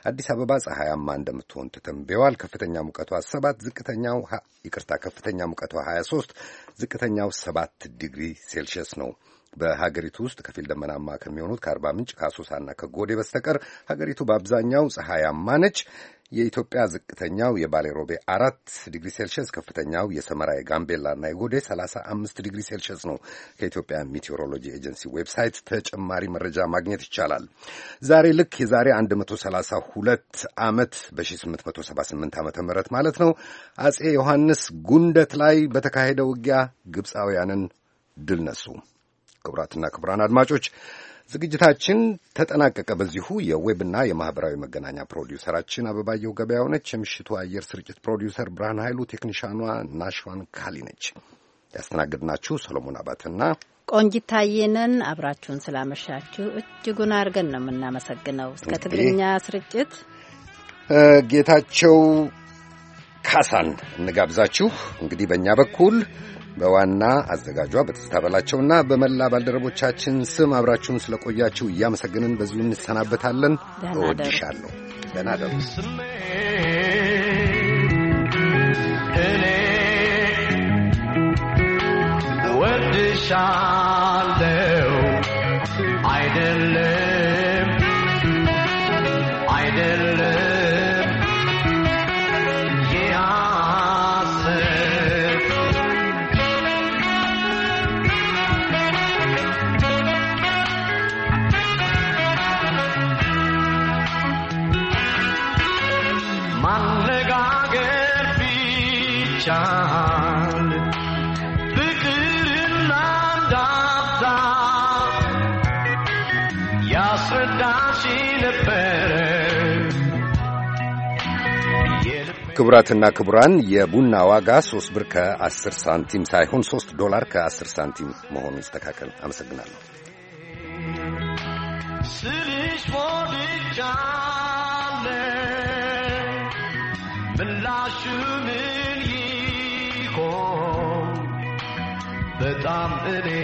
አዲስ አበባ ፀሐያማ እንደምትሆን ተተንብየዋል። ከፍተኛ ሙቀቷ 7 ዝቅተኛው ይቅርታ፣ ከፍተኛ ሙቀቷ 23 ዝቅተኛው 7 ዲግሪ ሴልሺየስ ነው። በሀገሪቱ ውስጥ ከፊል ደመናማ ከሚሆኑት ከአርባ ምንጭ ከአሶሳና ከጎዴ በስተቀር ሀገሪቱ በአብዛኛው ፀሐያማ ነች። የኢትዮጵያ ዝቅተኛው የባሌ ሮቤ አራት ዲግሪ ሴልሽስ ከፍተኛው የሰመራ የጋምቤላና የጎዴ 35 ዲግሪ ሴልሽስ ነው። ከኢትዮጵያ ሚቴዎሮሎጂ ኤጀንሲ ዌብሳይት ተጨማሪ መረጃ ማግኘት ይቻላል። ዛሬ ልክ የዛሬ 132 ዓመት በ1878 ዓ ም ማለት ነው አጼ ዮሐንስ ጉንደት ላይ በተካሄደ ውጊያ ግብፃውያንን ድል ነሱ። ክቡራትና ክቡራን አድማጮች ዝግጅታችን ተጠናቀቀ። በዚሁ የዌብና የማኅበራዊ መገናኛ ፕሮዲውሰራችን አበባየው ገበያው ነች። የምሽቱ አየር ስርጭት ፕሮዲውሰር ብርሃን ኃይሉ፣ ቴክኒሻኗ ናሽዋን ካሊ ነች። ያስተናግድናችሁ ሰሎሞን አባትና ቆንጂት አብራችሁን ስላመሻችሁ እጅጉን አድርገን ነው የምናመሰግነው። እስከ ትግርኛ ስርጭት ጌታቸው ካሳን እንጋብዛችሁ። እንግዲህ በእኛ በኩል በዋና አዘጋጇ በትዝታ በላቸውና በመላ ባልደረቦቻችን ስም አብራችሁን ስለቆያችሁ እያመሰግንን በዚሁ እንሰናበታለን። እወድሻለሁ። ደህና ደሩ። እወድሻለሁ አይደለም ክቡራትና ክቡራን የቡና ዋጋ 3 ብር ከ10 ሳንቲም ሳይሆን 3 ዶላር ከ10 ሳንቲም መሆኑ ይስተካከል። አመሰግናለሁ። ስልሽ ወድጃለ ምላሽ ምን ይሆን በጣም እኔ